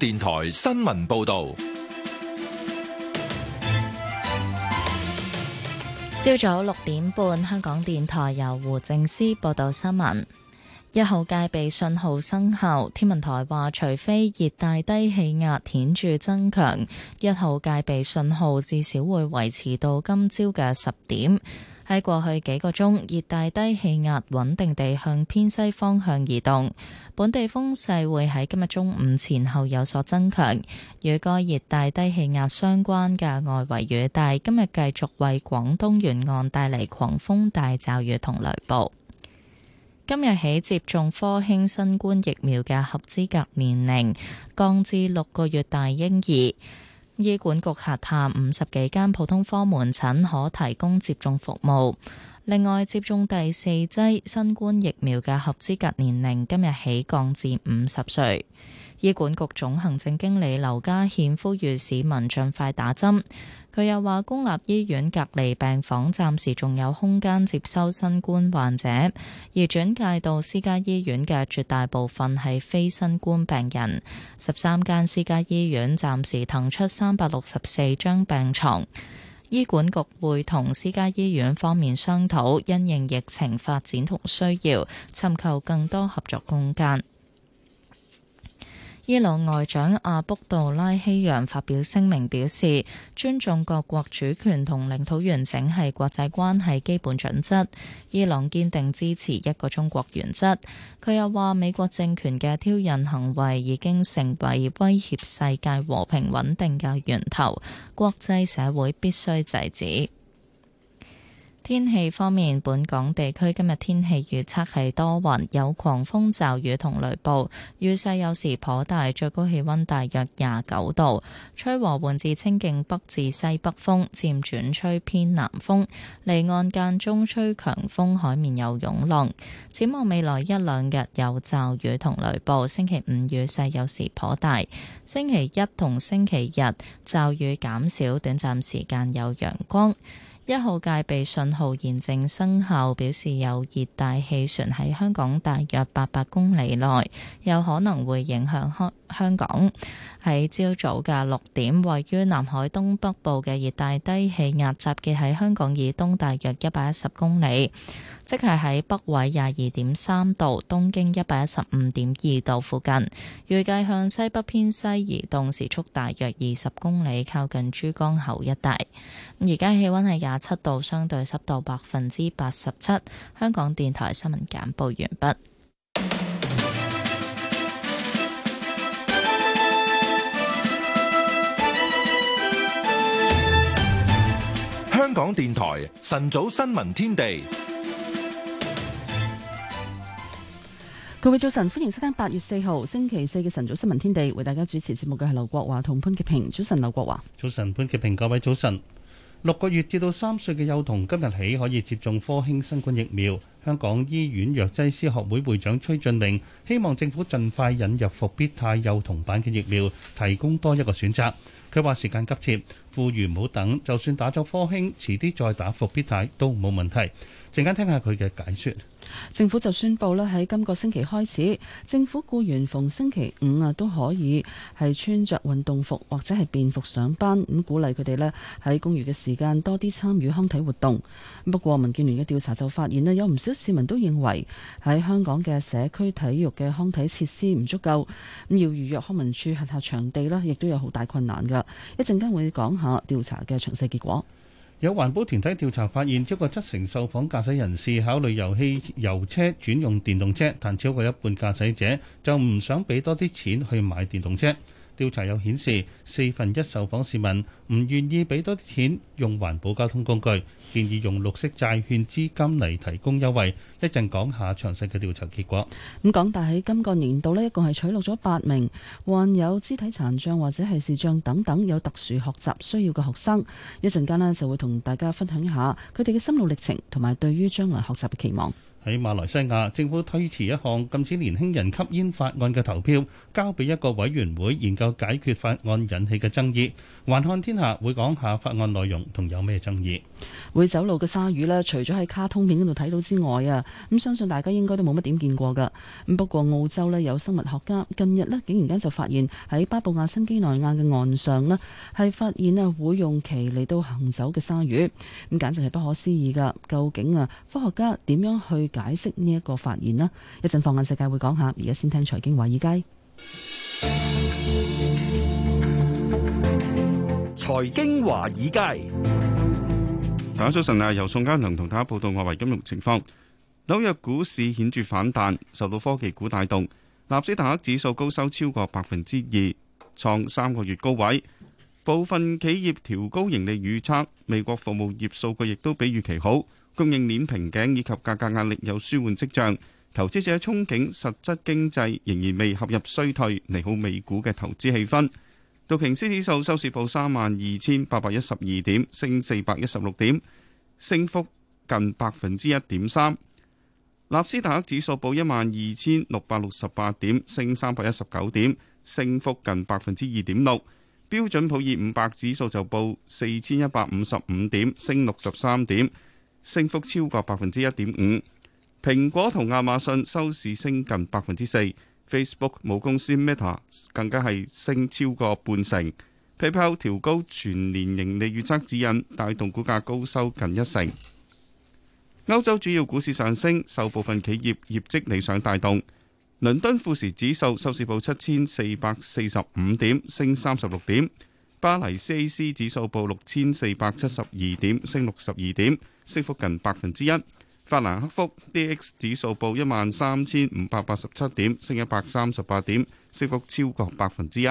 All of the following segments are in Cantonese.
電台新聞報道：朝早六點半，香港電台由胡正思報道新聞。一號戒備信號生效，天文台話，除非熱帶低氣壓顯著增強，一號戒備信號至少會維持到今朝嘅十點。喺過去幾個鐘，熱帶低氣壓穩定地向偏西方向移動，本地風勢會喺今日中午前後有所增強。與該熱帶低氣壓相關嘅外圍雨帶，今日繼續為廣東沿岸帶嚟狂風大驟雨同雷暴。今日起，接種科興新冠疫苗嘅合資格年齡降至六個月大嬰兒。醫管局轄下五十幾間普通科門診可提供接種服務，另外接種第四劑新冠疫苗嘅合資格年齡今日起降至五十歲。醫管局總行政經理劉家憲呼籲市民盡快打針。佢又話：公立醫院隔離病房暫時仲有空間接收新冠患者，而轉介到私家醫院嘅絕大部分係非新冠病人。十三間私家醫院暫時騰出三百六十四張病床，醫管局會同私家醫院方面商討，因應疫情發展同需要，尋求更多合作空間。伊朗外長阿卜杜拉希揚發表聲明表示，尊重各國主權同領土完整係國際關係基本準則。伊朗堅定支持一個中國原則。佢又話，美國政權嘅挑釁行為已經成為威脅世界和平穩定嘅源頭，國際社會必須制止。天氣方面，本港地區今日天氣預測係多雲，有狂風、驟雨同雷暴，雨勢有時頗大，最高氣溫大約廿九度，吹和緩至清勁北至西北風，漸轉吹偏南風，離岸間中吹強風，海面有湧浪。展望未來一兩日有驟雨同雷暴，星期五雨勢有時頗大，星期一同星期日驟雨減少，短暫時間有陽光。一號戒備信號現正生效，表示有熱帶氣旋喺香港大約八百公里內，有可能會影響香港。喺朝早嘅六點，位於南海東北部嘅熱帶低氣壓集結喺香港以東大約一百一十公里，即係喺北緯廿二點三度、東經一百一十五點二度附近，預計向西北偏西移動，時速大約二十公里，靠近珠江口一帶。而家氣溫係廿七度，相對濕度百分之八十七。香港電台新聞簡報完畢。香港電台晨早新聞天地，各位早晨，歡迎收聽八月四號星期四嘅晨早新聞天地，為大家主持節目嘅係劉國華同潘潔平。早晨，劉國華。早晨，潘潔平。各位早晨，六個月至到三歲嘅幼童今日起可以接種科興新冠疫苗。香港醫院藥劑師學會會、會長崔俊明，希望政府盡快引入復必泰幼童版嘅疫苗，提供多一個選擇。佢話時間急切，富裕唔好等，就算打咗科興遲啲再打復必泰都冇問題，陣間聽下佢嘅解說。政府就宣佈啦，喺今個星期開始，政府僱員逢星期五啊都可以係穿着運動服或者係便服上班，咁鼓勵佢哋咧，喺公餘嘅時間多啲參與康體活動。不過，民建聯嘅調查就發現咧，有唔少市民都認為喺香港嘅社區體育嘅康體設施唔足夠，咁要預約康文處轄下場地咧，亦都有好大困難噶。一陣間會講下調查嘅詳細結果。有環保團體調查發現，超過七成受訪駕駛人士考慮由汽油車轉用電動車，但超過一半駕駛者就唔想畀多啲錢去買電動車。調查有顯示，四分一受訪市民唔願意俾多啲錢用環保交通工具，建議用綠色債券資金嚟提供優惠。一陣講下詳細嘅調查結果。咁港大喺今個年度呢，一共係取錄咗八名患有肢體殘障或者係視障等等有特殊學習需要嘅學生。一陣間呢，就會同大家分享一下佢哋嘅心路歷程，同埋對於將來學習嘅期望。喺馬來西亞，政府推遲一項禁止年輕人吸煙法案嘅投票，交俾一個委員會研究解決法案引起嘅爭議。環看天下會講下法案內容同有咩爭議。會走路嘅鯊魚呢，除咗喺卡通片嗰度睇到之外啊，咁相信大家應該都冇乜點見過㗎。咁不過澳洲呢，有生物學家近日呢竟然間就發現喺巴布亞新幾內亞嘅岸上咧，係發現啊會用鰭嚟到行走嘅鯊魚，咁簡直係不可思議㗎。究竟啊科學家點樣去？解釋呢一個發言啦，一陣放眼世界會講下，而家先聽財經華爾街。財經華爾街，大家早晨啊！由宋嘉良同大家報道外圍金融情況。紐約股市顯著反彈，受到科技股帶動，納斯達克指數高收超過百分之二，創三個月高位。部分企業調高盈利預測，美國服務業數據亦都比預期好，供應鏈瓶頸以及價格壓力有舒緩跡象。投資者憧憬實質經濟仍然未陷入衰退，利好美股嘅投資氣氛。道瓊斯指數收市報三萬二千八百一十二點，升四百一十六點，升幅近百分之一點三。納斯達克指數報一萬二千六百六十八點，升三百一十九點，升幅近百分之二點六。標準普爾五百指數就報四千一百五十五點，升六十三點，升幅超過百分之一點五。蘋果同亞馬遜收市升近百分之四，Facebook 母公司 Meta 更加係升超過半成。PayPal 調高全年盈利預測指引，帶動股價高收近一成。歐洲主要股市上升，受部分企業業績理想帶動。倫敦富時指數收市報七千四百四十五點，升三十六點；巴黎 CAC 指數報六千四百七十二點，升六十二點，升幅近百分之一；法蘭克福 DAX 指數報一萬三千五百八十七點，升一百三十八點，升幅超過百分之一。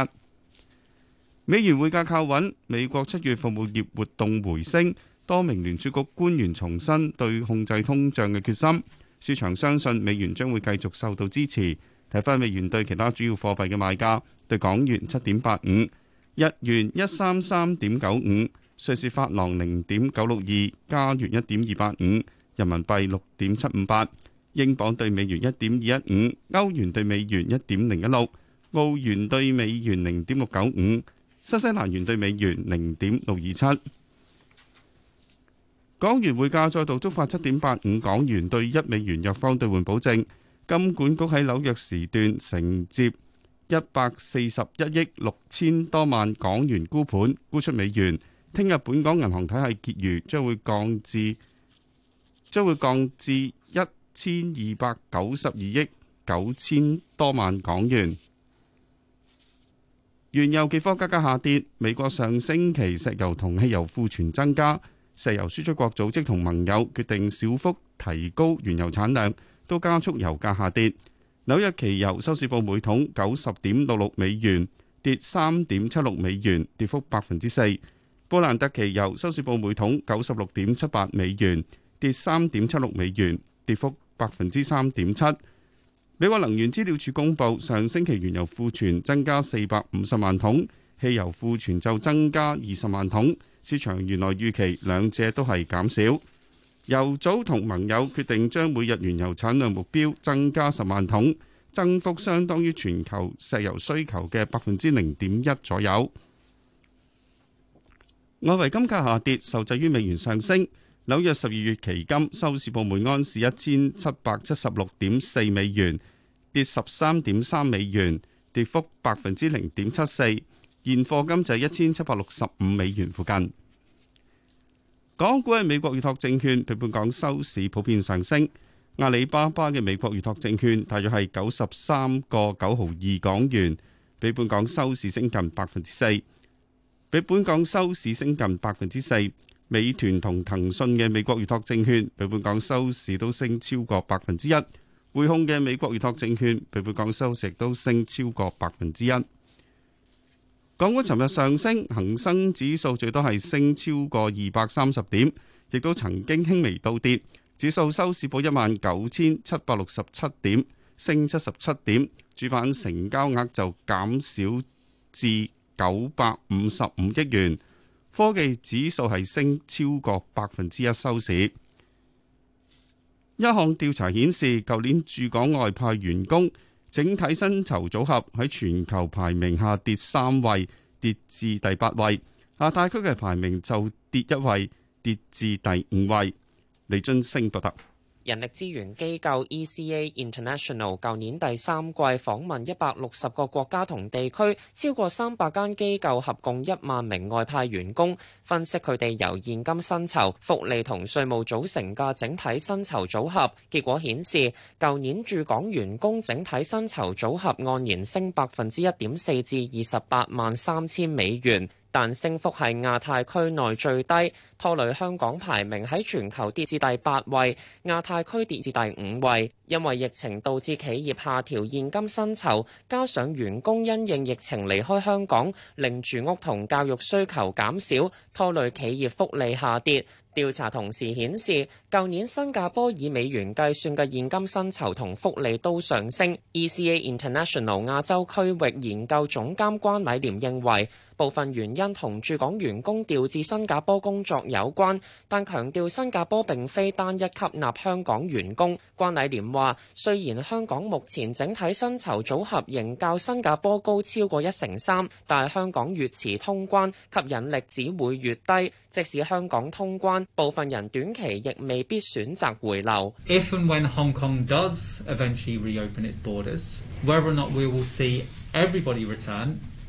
美元匯價靠穩，美國七月服務業活動回升，多名聯儲局官員重申對控制通脹嘅決心。市場相信美元將會繼續受到支持。睇翻美元對其他主要貨幣嘅賣價：對港元七點八五，日元一三三點九五，瑞士法郎零點九六二，加元一點二八五，人民幣六點七五八，英鎊對美元一點二一五，歐元對美元一點零一六，澳元對美元零點六九五，新西蘭元對美元零點六二七。港元匯價再度觸發七點八五港元對一美元弱方兌換保證，金管局喺紐約時段承接一百四十一億六千多萬港元沽盤，沽出美元。聽日本港銀行體系結餘將會降至將會降至一千二百九十二億九千多萬港元。原油期貨價格下跌，美國上星期石油同汽油庫存增加。石油輸出國組織同盟友決定小幅提高原油產量，都加速油價下跌。紐約期油收市報每桶九十點六六美元，跌三點七六美元，跌幅百分之四。布蘭特期油收市報每桶九十六點七八美元，跌三點七六美元，跌幅百分之三點七。美國能源資料處公布，上星期原油庫存增加四百五十萬桶，汽油庫存就增加二十萬桶。市場原來預期兩者都係減少。油組同盟友決定將每日原油產量目標增加十萬桶，增幅相當於全球石油需求嘅百分之零點一左右。外圍金價下跌，受制於美元上升。紐約十二月期金收市報每安士一千七百七十六點四美元，跌十三點三美元，跌幅百分之零點七四。現貨金就係一千七百六十五美元附近。港股嘅美國預託證券，比本港收市普遍上升。阿里巴巴嘅美國預託證券大約係九十三個九毫二港元，比本港收市升近百分之四。比本港收市升近百分之四。美團同騰訊嘅美國預託證券，比本港收市都升超過百分之一。匯控嘅美國預託證券，比本港收市都升超過百分之一。港股尋日上升，恒生指數最多係升超過二百三十點，亦都曾經輕微倒跌。指數收市報一萬九千七百六十七點，升七十七點。主板成交額就減少至九百五十五億元。科技指數係升超過百分之一收市。一項調查顯示，舊年駐港外派員工。整體薪酬組合喺全球排名下跌三位，跌至第八位。亞太區嘅排名就跌一位，跌至第五位。李津升報道。人力資源機構 ECA International 舊年第三季訪問一百六十個國家同地區，超過三百間機構合共一萬名外派員工，分析佢哋由現金薪酬、福利同稅務組成嘅整體薪酬組合。結果顯示，舊年駐港員工整體薪酬組合按年升百分之一點四，至二十八萬三千美元。但升幅係亞太區內最低，拖累香港排名喺全球跌至第八位，亞太區跌至第五位。因為疫情導致企業下調現金薪酬，加上員工因應疫情離開香港，令住屋同教育需求減少，拖累企業福利下跌。調查同時顯示，舊年新加坡以美元計算嘅現金薪酬同福利都上升。ECA International 亞洲區域研究總監關禮廉認為，部分原因同駐港員工調至新加坡工作有關，但強調新加坡並非單一吸納香港員工。關禮廉話：雖然香港目前整體薪酬組合仍較新加坡高超過一成三，但香港越遲通關，吸引力只會越低。即使香港通關，部分人短期亦未必選擇回流。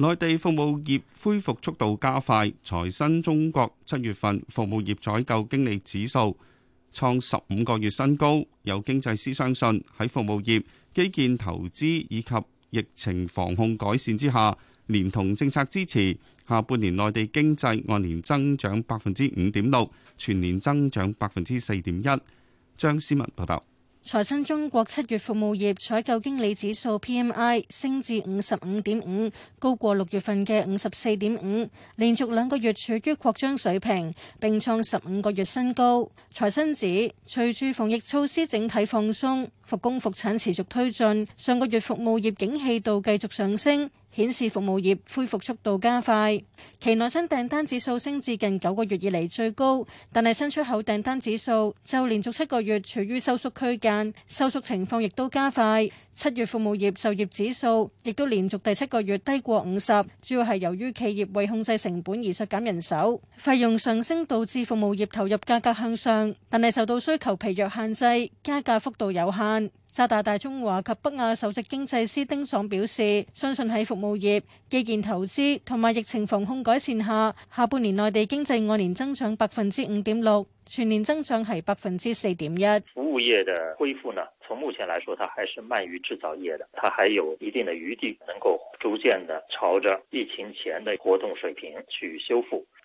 內地服務業恢復速度加快，財新中國七月份服務業採購經理指數創十五個月新高。有經濟師相信喺服務業、基建投資以及疫情防控改善之下，連同政策支持，下半年內地經濟按年增長百分之五點六，全年增長百分之四點一。張思文報道。財新中國七月服務業採購經理指數 PMI 升至五十五點五，高過六月份嘅五十四點五，連續兩個月處於擴張水平，並創十五個月新高。財新指，隨住防疫措施整體放鬆、復工復產持續推進，上個月服務業景氣度繼續上升。顯示服務業恢復速度加快，其內新訂單指數升至近九個月以嚟最高，但係新出口訂單指數就連續七個月處於收縮區間，收縮情況亦都加快。七月服務業就業指數亦都連續第七個月低過五十，主要係由於企業為控制成本而削減人手，費用上升導致服務業投入價格向上，但係受到需求疲弱限制，加價幅度有限。渣打大中華及北亞首席經濟師丁爽表示，相信喺服務業、基建投資同埋疫情防控改善下，下半年內地經濟按年增長百分之五點六，全年增長係百分之四點一。服務業嘅恢復呢，從目前來說，它還是慢於製造業的，它還有一定的餘地，能夠逐漸的朝着疫情前的活動水平去修復。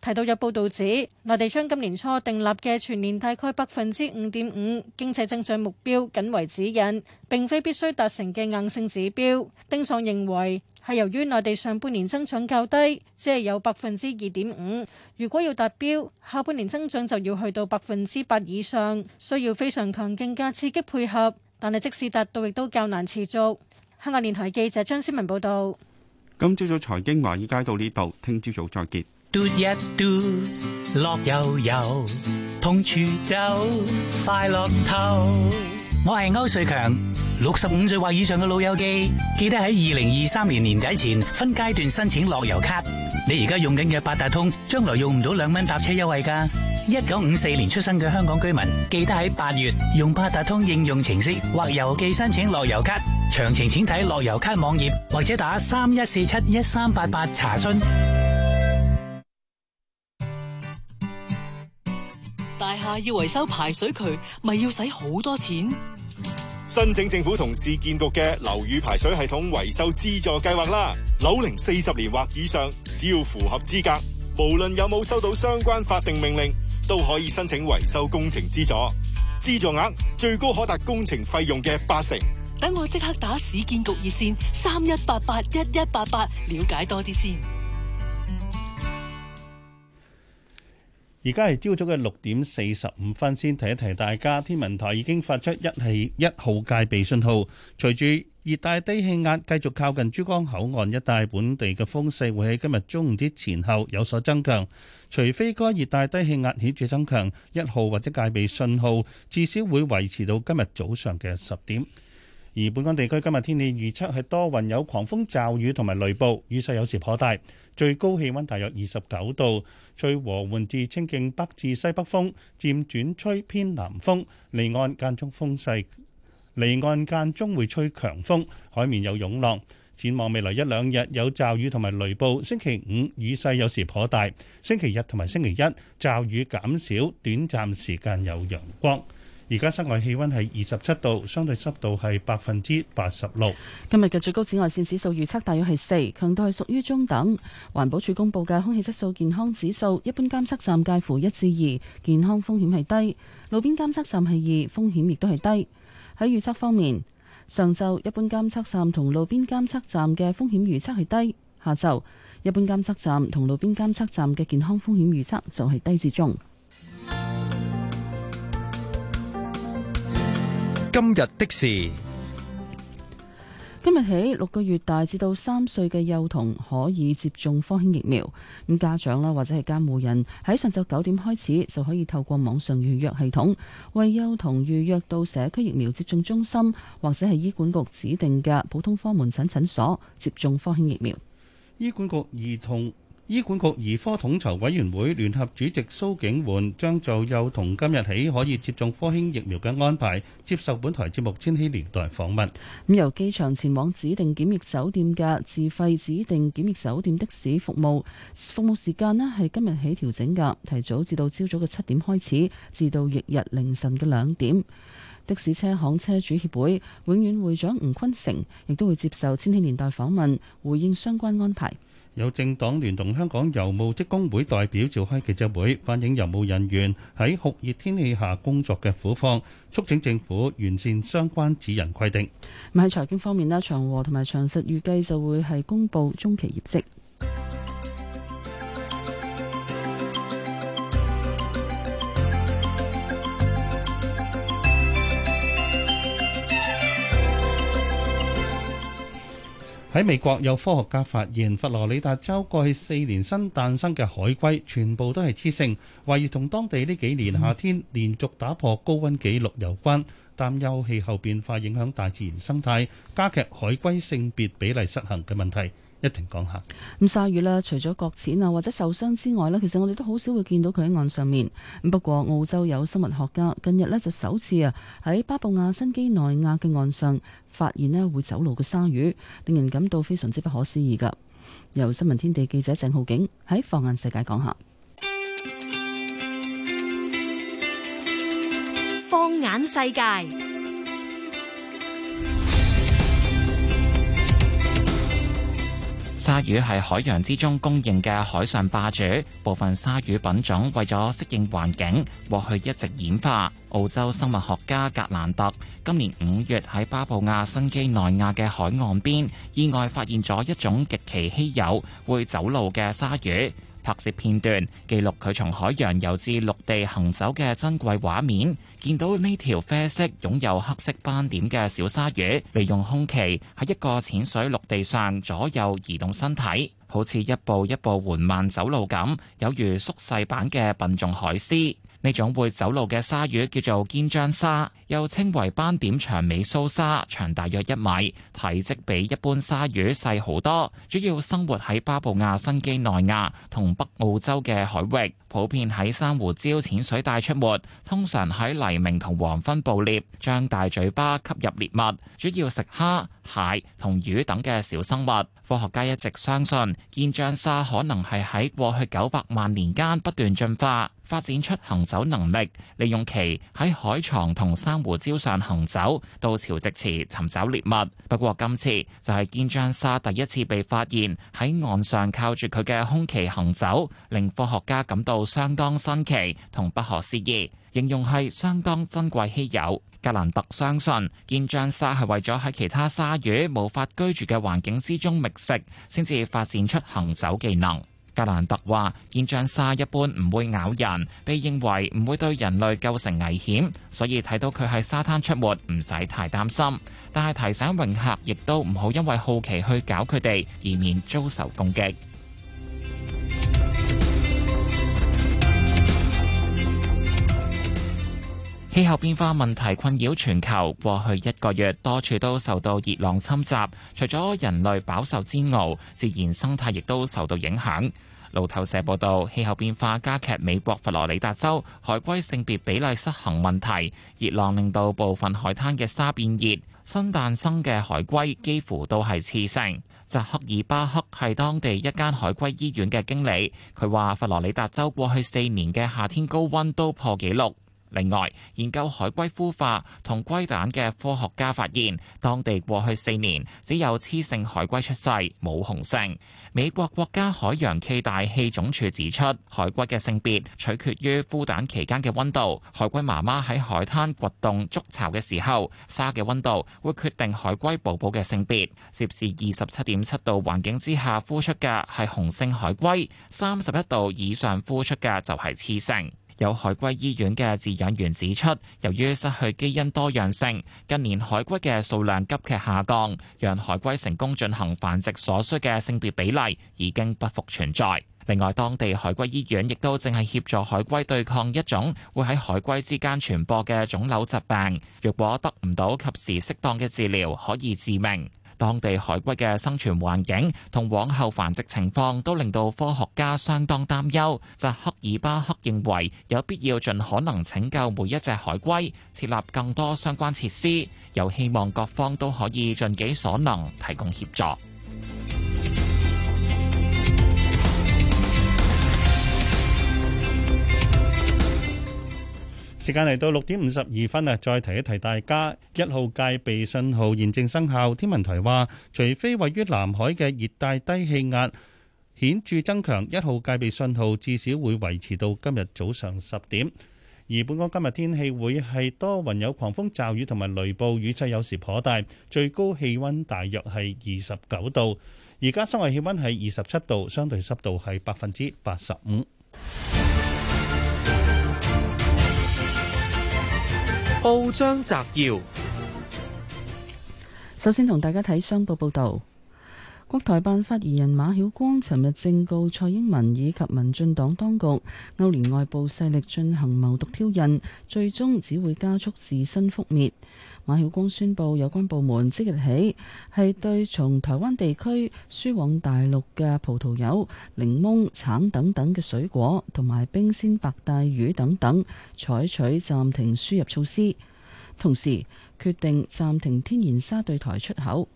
提到有報道指，內地將今年初訂立嘅全年大概百分之五點五經濟增長目標僅為指引，並非必須達成嘅硬性指標。丁爽認為係由於內地上半年增長較低，只係有百分之二點五，如果要達標，下半年增長就要去到百分之八以上，需要非常強勁嘅刺激配合。但係即使達到，亦都較難持續。香港電台記者張思文報道。今朝早財經華爾街到呢度，聽朝早再見。嘟一嘟，o 樂悠悠，通處走，快樂透。我係歐瑞強，六十五歲或以上嘅老友記，記得喺二零二三年年底前分階段申請樂悠咭。你而家用緊嘅八達通，將來用唔到兩蚊搭車優惠㗎。一九五四年出生嘅香港居民，記得喺八月用八達通應用程式或郵寄申請樂悠咭。詳情請睇樂悠咭網頁或者打三一四七一三八八查詢。大廈要維修排水渠，咪要使好多錢？申請政府同市建局嘅樓宇排水系統維修資助計劃啦！樓齡四十年或以上，只要符合資格，無論有冇收到相關法定命令，都可以申請維修工程資助。資助額最高可達工程費用嘅八成。等我即刻打市建局熱線三一八八一一八八，88, 了解多啲先。而家係朝早嘅六點四十五分，先提一提大家。天文台已經發出一號一號戒備信號。隨住熱帶低氣壓繼續靠近珠江口岸一帶，本地嘅風勢會喺今日中午之前後有所增強。除非該熱帶低氣壓顯著增強，一號或者戒備信號至少會維持到今日早上嘅十點。而本港地區今日天氣預測係多雲有狂風驟雨同埋雷暴，雨勢有時頗大，最高氣温大約二十九度。吹和緩至清勁北至西北風，漸轉吹偏南風，離岸間中風勢離岸間中會吹強風，海面有湧浪。展望未來一兩日有驟雨同埋雷暴，星期五雨勢有時頗大。星期日同埋星期一驟雨減少，短暫時間有陽光。而家室外氣溫係二十七度，相對濕度係百分之八十六。今日嘅最高紫外線指數預測大約係四，強度係屬於中等。環保署公布嘅空氣質素健康指數，一般監測站介乎一至二，健康風險係低；路邊監測站係二，風險亦都係低。喺預測方面，上晝一般監測站同路邊監測站嘅風險預測係低；下晝一般監測站同路邊監測站嘅健康風險預測就係低至中。今日的事，今日起六個月大至到三歲嘅幼童可以接種科興疫苗。咁家長啦，或者係監護人喺上晝九點開始就可以透過網上預約系統，為幼童預約到社區疫苗接種中心或者係醫管局指定嘅普通科門診診所接種科興疫苗。醫管局兒童醫管局兒科統籌委員會聯合主席蘇景煥將就幼童今日起可以接種科興疫苗嘅安排，接受本台節目《千禧年代》訪問。咁由機場前往指定檢疫酒店嘅自費指定檢疫酒店的士服務，服務時間呢係今日起調整㗎，提早至到朝早嘅七點開始，至到翌日凌晨嘅兩點。的士車行車主協會永遠會長吳坤成亦都會接受《千禧年代》訪問，回應相關安排。有政黨聯同香港郵務職工會代表召開記者會，反映郵務人員喺酷熱天氣下工作嘅苦況，促請政府完善相關指引規定。咁喺財經方面呢，長和同埋長實預計就會係公布中期業績。喺美國，有科學家發現，佛羅里達州過去四年新誕生嘅海龜全部都係雌性，懷疑同當地呢幾年夏天連續打破高溫紀錄有關，擔憂氣候變化影響大自然生態，加劇海龜性別比例失衡嘅問題。一定講下。咁鯊魚啦，除咗擱淺啊或者受傷之外咧，其實我哋都好少會見到佢喺岸上面。咁不過澳洲有生物學家近日咧就首次啊喺巴布亞新幾內亞嘅岸上發現咧會走路嘅鯊魚，令人感到非常之不可思議噶。由新聞天地記者鄭浩景喺放眼世界講下。放眼世界。鯊魚係海洋之中公認嘅海上霸主，部分鯊魚品種為咗適應環境，過去一直演化。澳洲生物學家格蘭特今年五月喺巴布亞新畿內亞嘅海岸邊，意外發現咗一種極其稀有、會走路嘅鯊魚。拍攝片段，記錄佢從海洋游至陸地行走嘅珍貴畫面。見到呢條啡色、擁有黑色斑點嘅小鯊魚，利用胸鰭喺一個淺水陸地上左右移動身體，好似一步一步緩慢走路咁，有如縮細版嘅笨重海獅。呢種會走路嘅鯊魚叫做肩章鯊，又稱為斑點長尾鬚鯊，長大約一米，體積比一般鯊魚細好多，主要生活喺巴布亞新畿內亞同北澳洲嘅海域。普遍喺珊瑚礁淺水帶出沒，通常喺黎明同黃昏捕獵，張大嘴巴吸入獵物，主要食蝦、蟹同魚等嘅小生物。科學家一直相信，肩章鯊可能係喺過去九百萬年間不斷進化，發展出行走能力，利用其喺海床同珊瑚礁上行走，到潮汐池尋找獵物。不過今次就係肩章鯊第一次被發現喺岸上靠住佢嘅胸鰭行走，令科學家感到相當新奇同不可思議，形容係相當珍貴稀有。格蘭特相信，肩章鯊係為咗喺其他鯊魚無法居住嘅環境之中覓食，先至發展出行走技能。格蘭特話，肩章鯊一般唔會咬人，被認為唔會對人類構成危險，所以睇到佢喺沙灘出沒，唔使太擔心。但係提醒泳客，亦都唔好因為好奇去搞佢哋，以免遭受攻擊。氣候變化問題困擾全球，過去一個月多處都受到熱浪侵襲，除咗人類飽受煎熬，自然生態亦都受到影響。路透社報道，氣候變化加劇美國佛羅里達州海龜性別比例失衡問題，熱浪令到部分海灘嘅沙變熱，新誕生嘅海龜幾乎都係雌性。扎克爾巴克係當地一間海龜醫院嘅經理，佢話佛羅里達州過去四年嘅夏天高溫都破紀錄。另外，研究海龜孵化同龜蛋嘅科學家發現，當地過去四年只有雌性海龜出世，冇雄性。美國國家海洋暨大氣總署指出，海龜嘅性別取決於孵蛋期間嘅溫度。海龜媽媽喺海灘掘洞築巢嘅時候，沙嘅溫度會決定海龜寶寶嘅性別。攝氏二十七點七度環境之下孵出嘅係雄性海龜，三十一度以上孵出嘅就係雌性。有海龜醫院嘅飼養員指出，由於失去基因多樣性，近年海龜嘅數量急劇下降，讓海龜成功進行繁殖所需嘅性別比例已經不復存在。另外，當地海龜醫院亦都正係協助海龜對抗一種會喺海龜之間傳播嘅腫瘤疾病，若果得唔到及時適當嘅治療，可以致命。當地海龜嘅生存環境同往後繁殖情況都令到科學家相當擔憂。扎克爾巴克認為有必要盡可能拯救每一隻海龜，設立更多相關設施，又希望各方都可以盡己所能提供協助。時間嚟到六點五十二分啊！再提一提大家，一號戒備信號現正生效。天文台話，除非位於南海嘅熱帶低氣壓顯著增強，一號戒備信號至少會維持到今日早上十點。而本港今日天氣會係多雲有狂風驟雨同埋雷暴，雨勢有時頗大，最高氣溫大約係二十九度。而家室外氣溫係二十七度，相對濕度係百分之八十五。報章摘要，首先同大家睇商報報道。國台辦發言人馬曉光尋日正告蔡英文以及民進黨當局，勾連外部勢力進行謀獨挑釁，最終只會加速自身覆滅。馬曉光宣布，有關部門即日起係對從台灣地區輸往大陸嘅葡萄柚、檸檬、橙等等嘅水果，同埋冰鮮白帶魚等等，採取暫停輸入措施，同時決定暫停天然砂對台出口。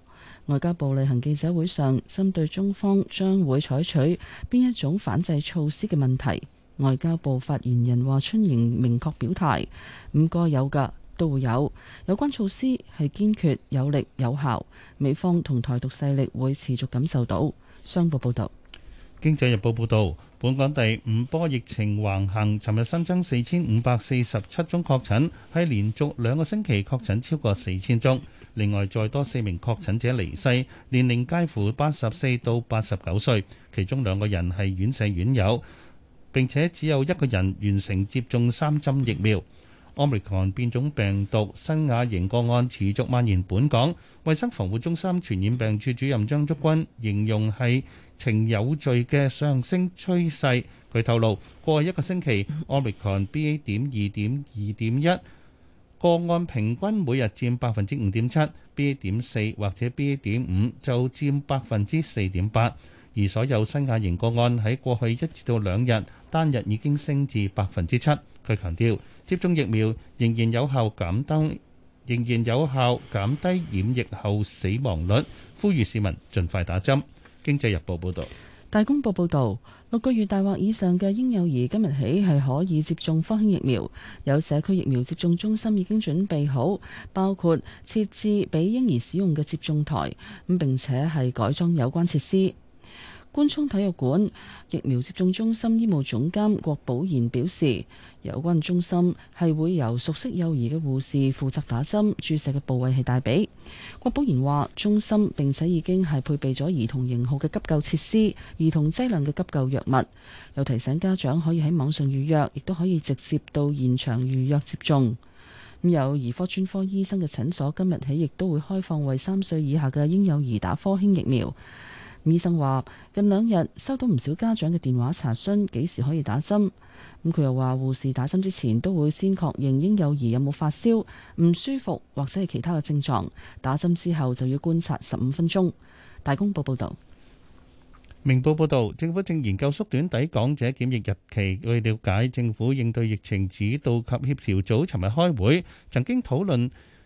外交部例行記者會上，針對中方將會採取邊一種反制措施嘅問題，外交部發言人華春瑩明確表態：唔該有嘅都會有，有關措施係堅決有力有效，美方同台獨勢力會持續感受到。商報報道，《經濟日報》報道，本港第五波疫情橫行，尋日新增四千五百四十七宗確診，係連續兩個星期確診超過四千宗。另外，再多四名確診者離世，年齡介乎八十四到八十九歲，其中兩個人係院舍院友，並且只有一個人完成接種三針疫苗。奧密克戎變種病毒新亞型個案持續蔓延本港，衛生防護中心傳染病處主任張竹君形容係呈有罪嘅上升趨勢。佢透露，過去一個星期，奧密克戎 BA 點二點二點一。個案平均每日佔百分之五點七，BA 點四或者 BA 點五就佔百分之四點八。而所有新亞型個案喺過去一至到兩日單日已經升至百分之七。佢強調，接種疫苗仍然有效減低，仍然有效減低染疫後死亡率，呼籲市民盡快打針。經濟日報報導，大公報報導。六個月大或以上嘅嬰幼兒今日起係可以接種科興疫苗，有社區疫苗接種中心已經準備好，包括設置俾嬰兒使用嘅接種台，咁並且係改裝有關設施。官涌體育館疫苗接種中心醫務總監郭寶賢表示，有關中心係會由熟悉幼兒嘅護士負責打針，注射嘅部位係大髀。郭寶賢話，中心並且已經係配備咗兒童型號嘅急救設施、兒童劑量嘅急救藥物，又提醒家長可以喺網上預約，亦都可以直接到現場預約接種。有兒科專科醫生嘅診所，今日起亦都會開放為三歲以下嘅嬰幼兒打科興疫苗。醫生話：近兩日收到唔少家長嘅電話查詢，幾時可以打針？咁佢又話，護士打針之前都會先確認嬰幼兒有冇發燒、唔舒服或者係其他嘅症狀。打針之後就要觀察十五分鐘。大公報報道：「明報報道，政府正研究縮短抵港者檢疫日期。據了解政府應對疫情指導及協調組，尋日開會曾經討論。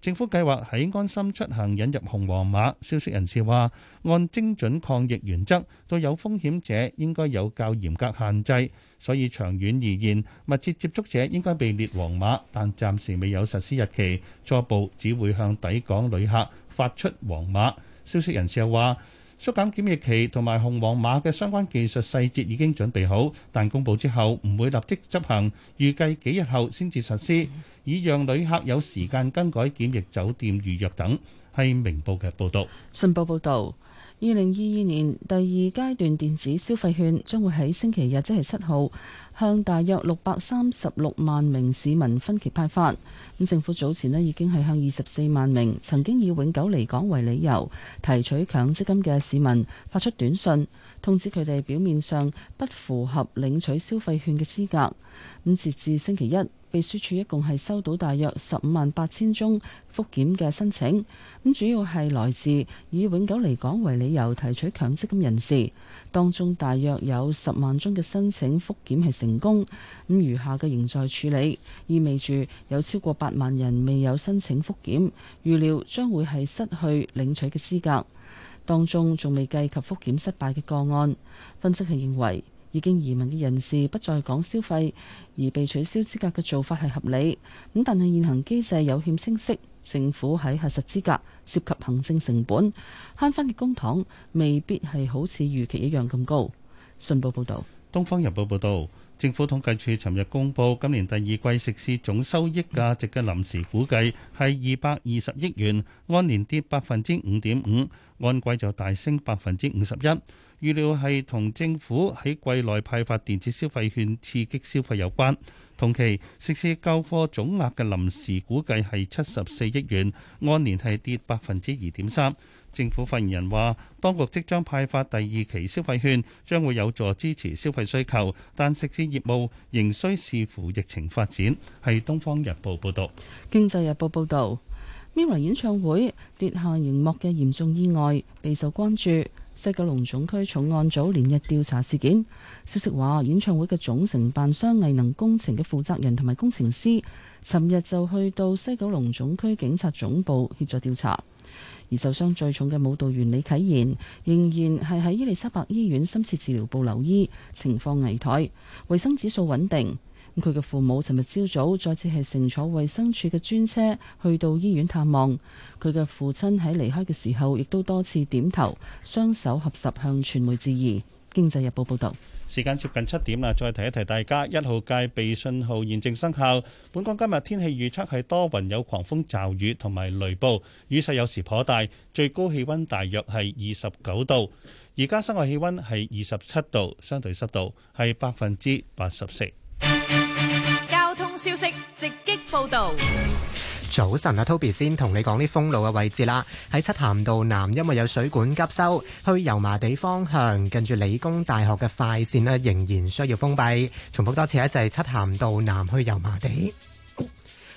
政府計劃喺安心出行引入紅黃碼，消息人士話：按精準抗疫原則，對有風險者應該有較嚴格限制，所以長遠而言，密切接觸者應該被列黃碼，但暫時未有實施日期。初步只會向抵港旅客發出黃碼。消息人士又話：縮減檢疫期同埋紅黃碼嘅相關技術細節已經準備好，但公佈之後唔會立即執行，預計幾日後先至實施。以讓旅客有時間更改檢疫酒店預約等，係明報嘅報道。信報報導，二零二二年第二階段電子消費券將會喺星期日，即係七號，向大約六百三十六萬名市民分期派發。咁政府早前呢已經係向二十四萬名曾經以永久離港為理由提取強積金嘅市民發出短信，通知佢哋表面上不符合領取消費券嘅資格。咁截至星期一，秘書處一共係收到大約十五萬八千宗複檢嘅申請，咁主要係來自以永久離港為理由提取強積金人士，當中大約有十萬宗嘅申請複檢係成功，咁餘下嘅仍在處理，意味住有超過八萬人未有申請複檢，預料將會係失去領取嘅資格，當中仲未計及複檢失敗嘅個案。分析係認為。已經移民嘅人士不再講消費，而被取消資格嘅做法係合理。咁但係現行機制有欠清晰，政府喺核實資格涉及行政成本，慳翻嘅公帑未必係好似預期一樣咁高。信報報道，《東方日報》報道，政府統計處尋日公布今年第二季食肆總收益價值嘅臨時估計係二百二十億元，按年跌百分之五點五，按季就大升百分之五十一。預料係同政府喺季內派發電子消費券刺激消費有關。同期食肆購貨總額嘅臨時估計係七十四億元，按年係跌百分之二點三。政府發言人話：當局即將派發第二期消費券，將會有助支持消費需求，但食肆業務仍需視乎疫情發展。係《東方日報》報導，《經濟日報》報導，MIRROR 演唱會跌下熒幕嘅嚴重意外，備受關注。西九龍總區重案組連日調查事件，消息話演唱會嘅總承辦商藝能工程嘅負責人同埋工程師，尋日就去到西九龍總區警察總部協助調查。而受傷最重嘅舞蹈員李啟賢，仍然係喺伊利沙伯醫院深切治療部留醫，情況危殆，維生指數穩定。佢嘅父母，尋日朝早再次係乘坐衛生署嘅專車去到醫院探望佢嘅父親。喺離開嘅時候，亦都多次點頭，雙手合十向傳媒致意。《經濟日報》報道，時間接近七點啦，再提一提大家，一號戒備信號現正生效。本港今日天氣預測係多雲，雲有狂風驟雨同埋雷暴，雨勢有時頗大，最高氣溫大約係二十九度。而家室外氣溫係二十七度，相對濕度係百分之八十四。消息直擊報道。早晨啊，Toby 先同你講啲封路嘅位置啦。喺漆咸道南，因為有水管急修，去油麻地方向，近住理工大學嘅快綫咧，仍然需要封閉。重複多次一就係、是、漆咸道南去油麻地。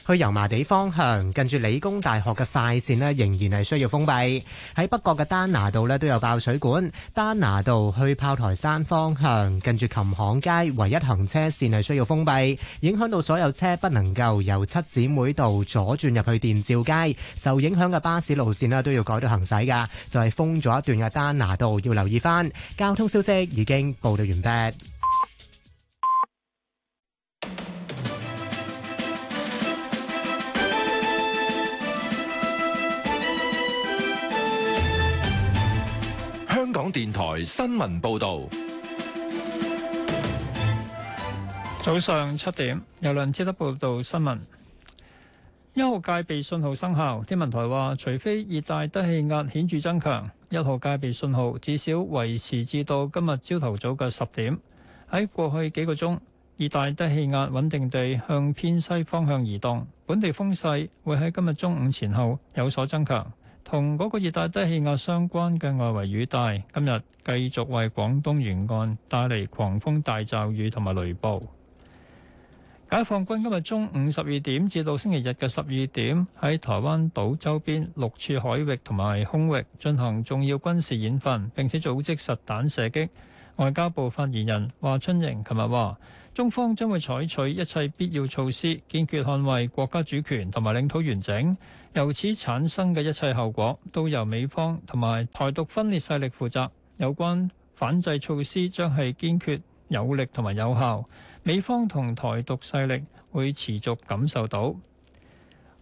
去油麻地方向，近住理工大學嘅快線呢，仍然係需要封閉。喺北角嘅丹拿道呢，都有爆水管，丹拿道去炮台山方向，近住琴行街唯一行車線係需要封閉，影響到所有車不能夠由七姊妹道左轉入去電照街。受影響嘅巴士路線呢，都要改到行駛噶，就係、是、封咗一段嘅丹拿道，要留意翻交通消息，已經報道完畢。香港電台新聞報道，早上七點，有兩支得報道新聞。一號戒備信號生效，天文台話，除非熱帶低氣壓顯著增強，一號戒備信號至少維持至到今日朝頭早嘅十點。喺過去幾個鐘，熱帶低氣壓穩定地向偏西方向移動，本地風勢會喺今日中午前後有所增強。同嗰個熱帶低氣壓相關嘅外圍雨帶，今日繼續為廣東沿岸帶嚟狂風大驟雨同埋雷暴。解放軍今日中午十二點至到星期日嘅十二點，喺台灣島周邊六處海域同埋空域進行重要軍事演訓，並且組織實彈射擊。外交部發言人華春瑩琴日話：中方將會採取一切必要措施，堅決捍衛國家主權同埋領土完整。由此產生嘅一切後果，都由美方同埋台獨分裂勢力負責。有關反制措施將係堅決、有力同埋有效，美方同台獨勢力會持續感受到。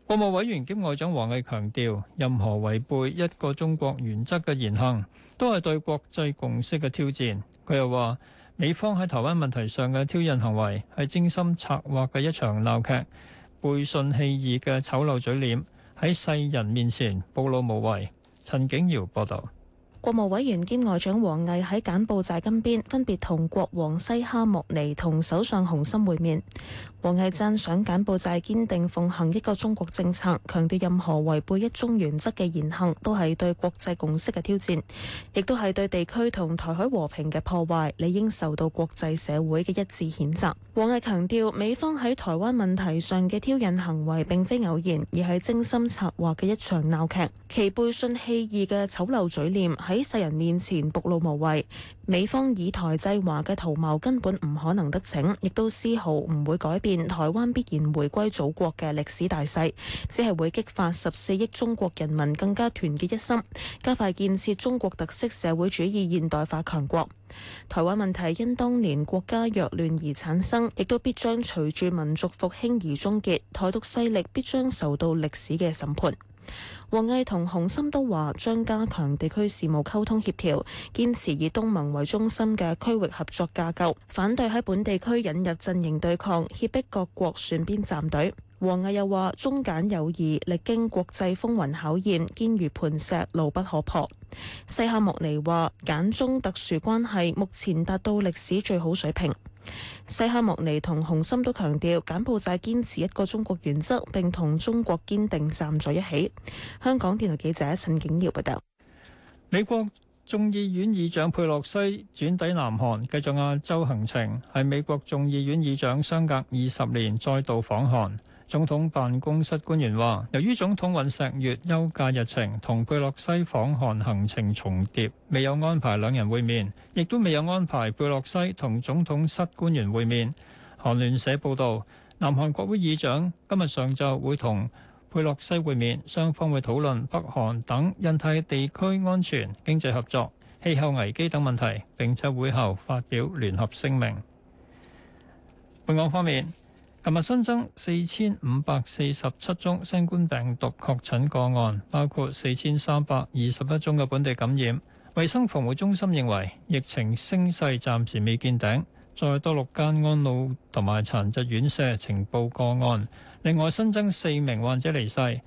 國務委員兼外長王毅強調，任何違背一個中國原則嘅言行，都係對國際共識嘅挑戰。佢又話，美方喺台灣問題上嘅挑釁行為，係精心策劃嘅一場鬧劇，背信棄義嘅醜陋嘴臉，喺世人面前暴露無遺。陳景堯報道。國務委員兼外長王毅喺柬埔寨金邊分別同國王西哈莫尼同首相洪森會面。王毅讚賞柬埔寨堅定奉行一個中國政策，強調任何違背一中原則嘅言行都係對國際共識嘅挑戰，亦都係對地區同台海和平嘅破壞，理應受到國際社會嘅一致譴責。王毅強調，美方喺台灣問題上嘅挑釁行為並非偶然，而係精心策劃嘅一場鬧劇，其背信棄義嘅醜陋嘴臉喺世人面前暴露無遺，美方以台制華嘅圖謀根本唔可能得逞，亦都絲毫唔會改變。台灣必然回歸祖國嘅歷史大勢，只係會激發十四億中國人民更加團結一心，加快建設中國特色社會主義現代化強國。台灣問題因當年國家弱亂而產生，亦都必將隨住民族復興而終結，台獨勢力必將受到歷史嘅審判。王毅同洪森都話將加強地區事務溝通協調，堅持以東盟為中心嘅區域合作架構，反對喺本地區引入陣營對抗，脅迫各國選邊站隊。王毅又話中柬友誼歷經國際風雲考驗，堅如磐石，牢不可破。西哈莫尼話柬中特殊關係目前達到歷史最好水平。西哈莫尼同洪森都強調，柬埔寨堅持一個中國原則，並同中國堅定站在一起。香港電台記者陳景耀報導，美國眾議院議長佩洛西轉抵南韓，繼續亞洲行程，係美國眾議院議長相隔二十年再度訪韓。總統辦公室官員話：由於總統尹錫悅休假日程同佩洛西訪韓行程重疊，未有安排兩人會面，亦都未有安排佩洛西同總統室官員會面。韓聯社報導，南韓國會議長今日上晝會同佩洛西會面，雙方會討論北韓等印太地區安全、經濟合作、氣候危機等問題，並且會後發表聯合聲明。本港方面。琴日新增四千五百四十七宗新冠病毒確診個案，包括四千三百二十一宗嘅本地感染。衛生防護中心認為疫情升勢暫時未見頂，再多六間安老同埋殘疾院舍呈報個案。另外新增四名患者離世，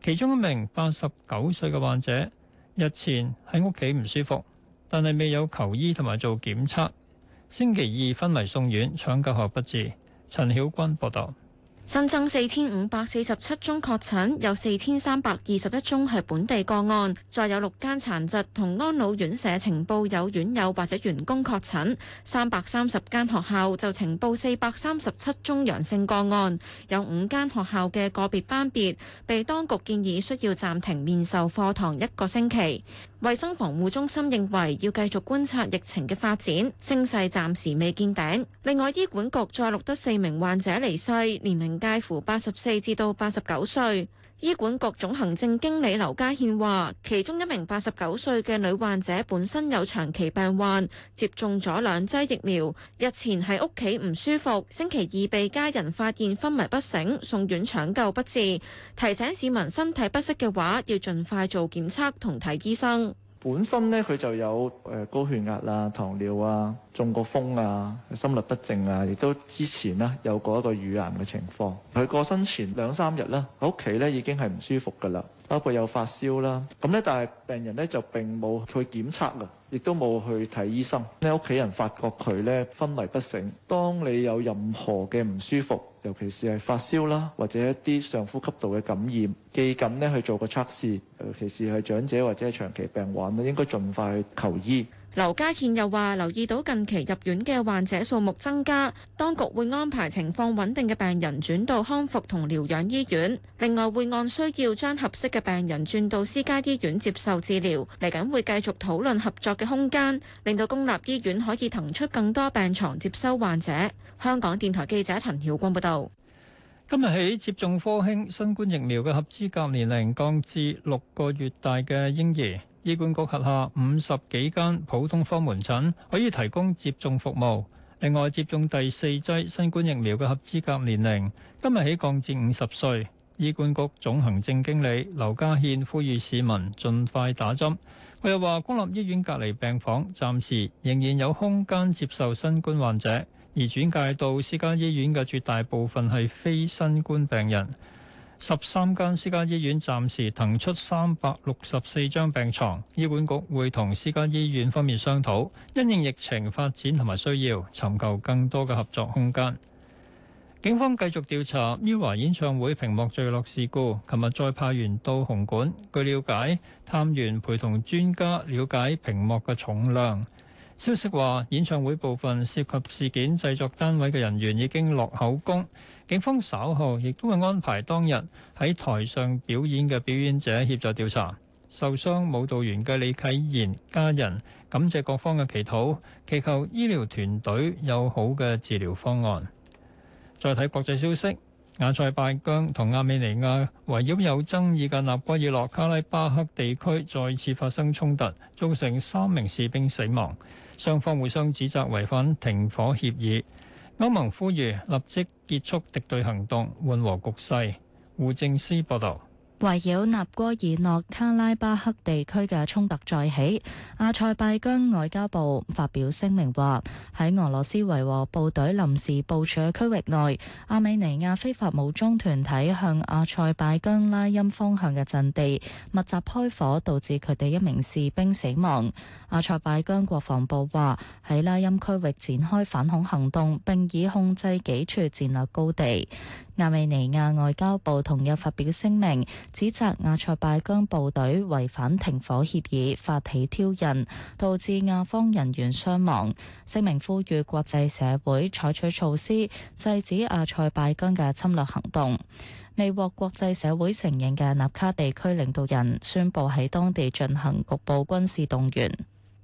其中一名八十九歲嘅患者日前喺屋企唔舒服，但係未有求醫同埋做檢測。星期二昏迷送院搶救，後不治。陳曉君報道。新增四千五百四十七宗確診，有四千三百二十一宗係本地個案，再有六間殘疾同安老院舍呈報有院友或者員工確診，三百三十間學校就呈報四百三十七宗陽性個案，有五間學校嘅個別班別被當局建議需要暫停面授課堂一個星期。衛生防護中心認為要繼續觀察疫情嘅發展，聲勢暫時未見頂，另外，醫管局再錄得四名患者離世，年齡。介乎八十四至到八十九歲，醫管局總行政經理劉家憲話，其中一名八十九歲嘅女患者本身有長期病患，接種咗兩劑疫苗，日前喺屋企唔舒服，星期二被家人發現昏迷不醒，送院搶救不治。提醒市民身體不適嘅話，要盡快做檢測同睇醫生。本身咧佢就有誒、呃、高血壓啊、糖尿啊、中過風啊、心律不正啊，亦都之前啦有過一個乳癌嘅情況。佢過身前兩三日咧，喺屋企咧已經係唔舒服㗎啦，包括有發燒啦。咁咧，但係病人咧就並冇去檢測㗎，亦都冇去睇醫生。咧屋企人發覺佢咧昏迷不醒。當你有任何嘅唔舒服，尤其是係發燒啦，或者一啲上呼吸道嘅感染，記緊呢去做個測試。尤其是係長者或者係長期病患咧，應該盡快去求醫。劉家獻又話：留意到近期入院嘅患者數目增加，當局會安排情況穩定嘅病人轉到康復同療養醫院，另外會按需要將合適嘅病人轉到私家醫院接受治療。嚟緊會繼續討論合作嘅空間，令到公立醫院可以騰出更多病床接收患者。香港電台記者陳曉光報道。今日起接種科興新冠疫苗嘅合資格年齡降至六個月大嘅嬰兒。醫管局轄下五十幾間普通科門診可以提供接種服務。另外，接種第四劑新冠疫苗嘅合資格年齡今日起降至五十歲。醫管局總行政經理劉家獻呼籲市民盡快打針。佢又話，公立醫院隔離病房暫時仍然有空間接受新冠患者，而轉介到私家醫院嘅絕大部分係非新冠病人。十三間私家醫院暫時騰出三百六十四張病床，醫管局會同私家醫院方面商討，因應疫情發展同埋需要，尋求更多嘅合作空間。警方繼續調查 MIRROR 演唱會屏幕墜落事故，琴日再派員到紅館。據了解，探員陪同專家了解屏幕嘅重量。消息話，演唱會部分涉及事件製作單位嘅人員已經落口供。警方稍後亦都會安排當日喺台上表演嘅表演者，協助調查受傷舞蹈員嘅李啟賢家人，感謝各方嘅祈禱，祈求醫療團隊有好嘅治療方案。再睇國際消息，亞塞拜疆同亞美尼亞圍繞有爭議嘅納瓜爾洛卡拉巴克地區再次發生衝突，造成三名士兵死亡，雙方互相指責違反停火協議。歐盟呼籲立即結束敵對行動，緩和局勢。胡政思報道。圍繞納戈爾諾卡拉巴克地區嘅衝突再起，阿塞拜疆外交部發表聲明話，喺俄羅斯維和部隊臨時部署嘅區域內，阿美尼亞非法武裝團體向阿塞拜疆拉欽方向嘅陣地密集開火，導致佢哋一名士兵死亡。阿塞拜疆國防部話，喺拉欽區域展開反恐行動，並已控制幾處戰略高地。亞美尼亞外交部同日發表聲明，指責亞塞拜疆部隊違反停火協議，發起挑釁，導致亞方人員傷亡。聲明呼籲國際社會採取措施，制止亞塞拜疆嘅侵略行動。未獲國際社會承認嘅納卡地區領導人宣布喺當地進行局部軍事動員。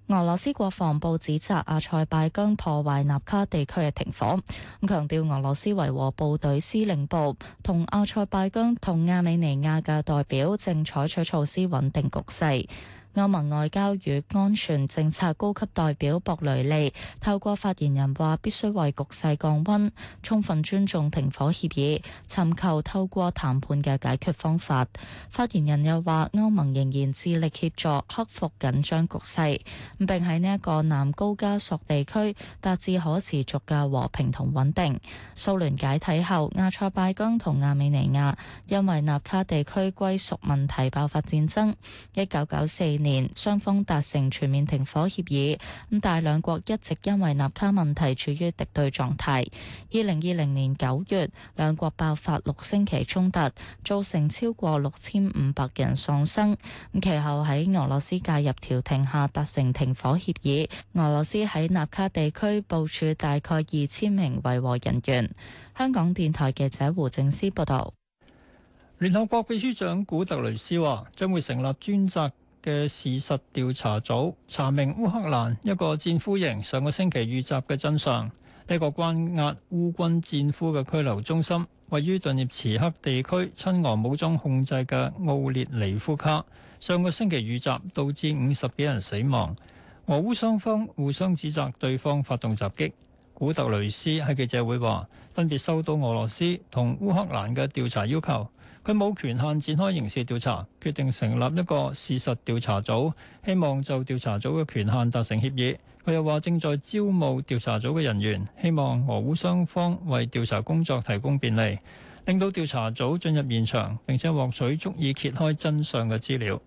俄羅斯國防部指責阿塞拜疆破壞納卡地區嘅停火，咁強調俄羅斯維和部隊司令部同阿塞拜疆同亞美尼亞嘅代表正採取措施穩定局勢。歐盟外交與安全政策高級代表博雷利透過發言人話：必須為局勢降溫，充分尊重停火協議，尋求透過談判嘅解決方法。發言人又話：歐盟仍然致力協助克服緊張局勢，咁並喺呢一個南高加索地區達至可持續嘅和平同穩定。蘇聯解體後，亞塞拜疆同亞美尼亞因為納卡地區歸屬問題爆發戰爭，一九九四年。年雙方達成全面停火協議，咁但係兩國一直因為納卡問題處於敵對狀態。二零二零年九月，兩國爆發六星期衝突，造成超過六千五百人喪生。咁其後喺俄羅斯介入調停下達成停火協議。俄羅斯喺納卡地區部署大概二千名維和人員。香港電台記者胡正思報道，聯合國秘書長古特雷斯話：將會成立專責嘅事實調查組查明烏克蘭一個戰俘營上個星期遇襲嘅真相。呢個關押烏軍戰俘嘅拘留中心位於頓涅茨克地區親俄武裝控制嘅奧列尼夫卡，上個星期遇襲導致五十幾人死亡。俄烏雙方互相指責對方發動襲擊。古特雷斯喺記者會話，分別收到俄羅斯同烏克蘭嘅調查要求。佢冇權限展開刑事調查，決定成立一個事實調查組，希望就調查組嘅權限達成協議，佢又話正在招募調查組嘅人員，希望俄烏雙方為調查工作提供便利，令到調查組進入現場，並且獲取足以揭開真相嘅資料。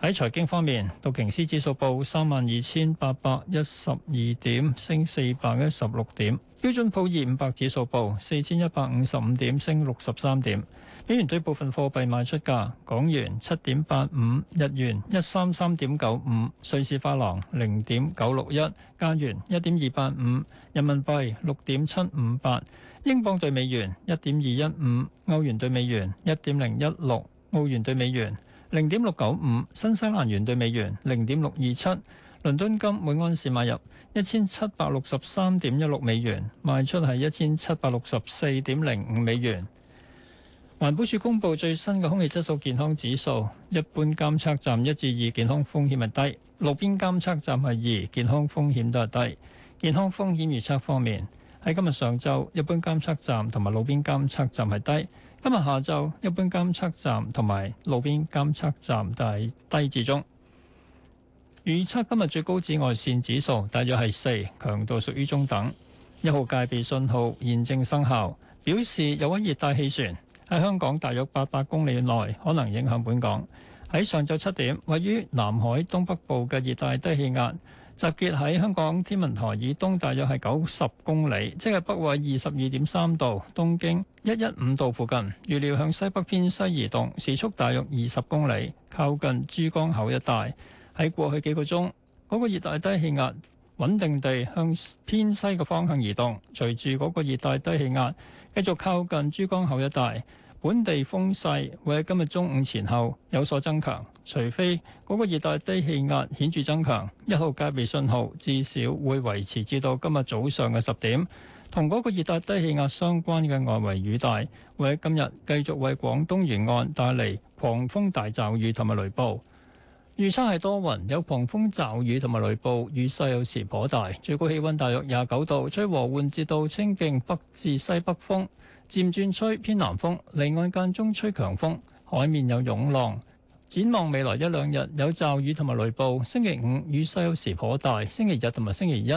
喺財經方面，道瓊斯指數報三萬二千八百一十二點，升四百一十六點；標準普爾五百指數報四千一百五十五點，升六十三點。美元對部分貨幣賣出價：港元七點八五，日元一三三點九五，瑞士法郎零點九六一，加元一點二八五，人民幣六點七五八，英鎊對美元一點二一五，歐元對美元一點零一六，澳元對美元。零點六九五，95，新西蘭元對美元零點六二七，27，倫敦金每安士買入一千七百六十三點一六美元，賣出係一千七百六十四點零五美元。環保署公布最新嘅空氣質素健康指數，一般監測站一至二健康風險係低，路邊監測站係二，健康風險都係低。健康風險預測方面，喺今日上晝，一般監測站同埋路邊監測站係低。今日下晝，一般監測站同埋路邊監測站都係低至中。預測今日最高紫外線指數大約係四，強度屬於中等。一號戒備信號現正生效，表示有一熱帶氣旋喺香港大約八百公里內可能影響本港。喺上晝七點，位於南海東北部嘅熱帶低氣壓，集結喺香港天文台以東大約係九十公里，即係北緯二十二點三度、東經一一五度附近。預料向西北偏西移動，時速大約二十公里，靠近珠江口一帶。喺過去幾個鐘，嗰個熱帶低氣壓穩定地向偏西嘅方向移動。隨住嗰個熱帶低氣壓繼續靠近珠江口一帶，本地風勢會喺今日中午前後有所增強。除非嗰個熱帶低氣壓顯著增強，一號戒備信號至少會維持至到今日早上嘅十點。同嗰個熱帶低氣壓相關嘅外圍雨帶會喺今日繼續為廣東沿岸帶嚟狂風大驟雨同埋雷暴。預測係多雲，有狂風驟雨同埋雷暴，雨勢有時頗大，最高氣溫大約廿九度，吹和緩至到清勁北至西北風，漸轉吹偏南風，離岸間中吹強風，海面有湧浪。展望未來一兩日有驟雨同埋雷暴。星期五雨勢有時頗大，星期日同埋星期一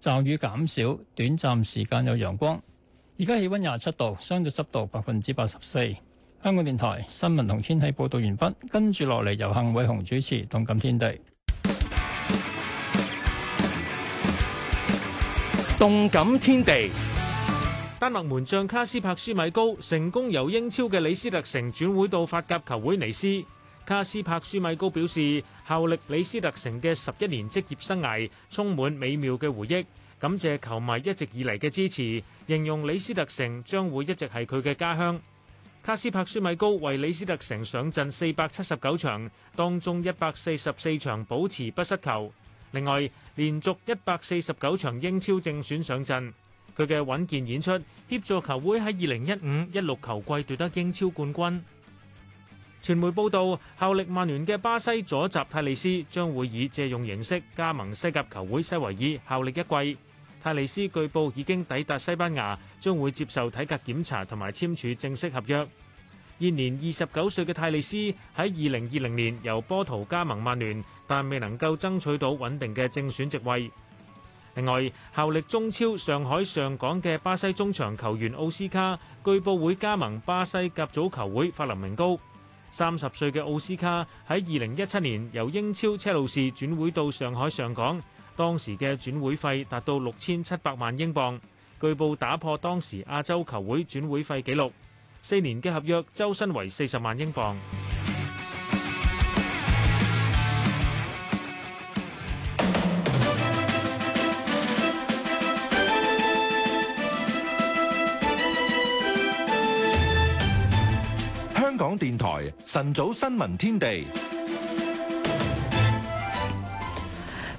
驟雨減少，短暫時間有陽光。而家氣溫廿七度，相對濕度百分之八十四。香港電台新聞同天氣報道完畢，跟住落嚟，由幸偉雄主持《動感天地》。《動感天地》丹麥門將卡斯柏舒米高成功由英超嘅李斯特城轉會到法甲球會尼斯。卡斯帕舒米高表示，效力李斯特城嘅十一年職業生涯充滿美妙嘅回憶，感謝球迷一直以嚟嘅支持，形容李斯特城將會一直係佢嘅家鄉。卡斯帕舒米高為李斯特城上陣四百七十九場，當中一百四十四場保持不失球，另外連續一百四十九場英超正選上陣，佢嘅穩健演出協助球會喺二零一五一六球季奪得英超冠軍。傳媒報道，效力曼聯嘅巴西左閘泰利斯將會以借用形式加盟西甲球會西維爾效力一季。泰利斯據報已經抵達西班牙，將會接受體格檢查同埋簽署正式合約。現年二十九歲嘅泰利斯喺二零二零年由波圖加盟曼聯，但未能夠爭取到穩定嘅正選席位。另外，效力中超上海上港嘅巴西中場球員奧斯卡據報會加盟巴西甲組球會法林明高。三十歲嘅奧斯卡喺二零一七年由英超車路士轉會到上海上港，當時嘅轉會費達到六千七百萬英鎊，據報打破當時亞洲球會轉會費紀錄。四年嘅合約周薪為四十萬英鎊。香港電台晨早新聞天地，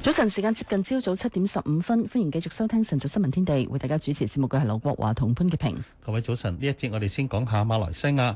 早晨時間接近朝早七點十五分，歡迎繼續收聽晨早新聞天地，為大家主持節目嘅係劉國華同潘潔平。各位早晨，呢一節我哋先講下馬來西亞。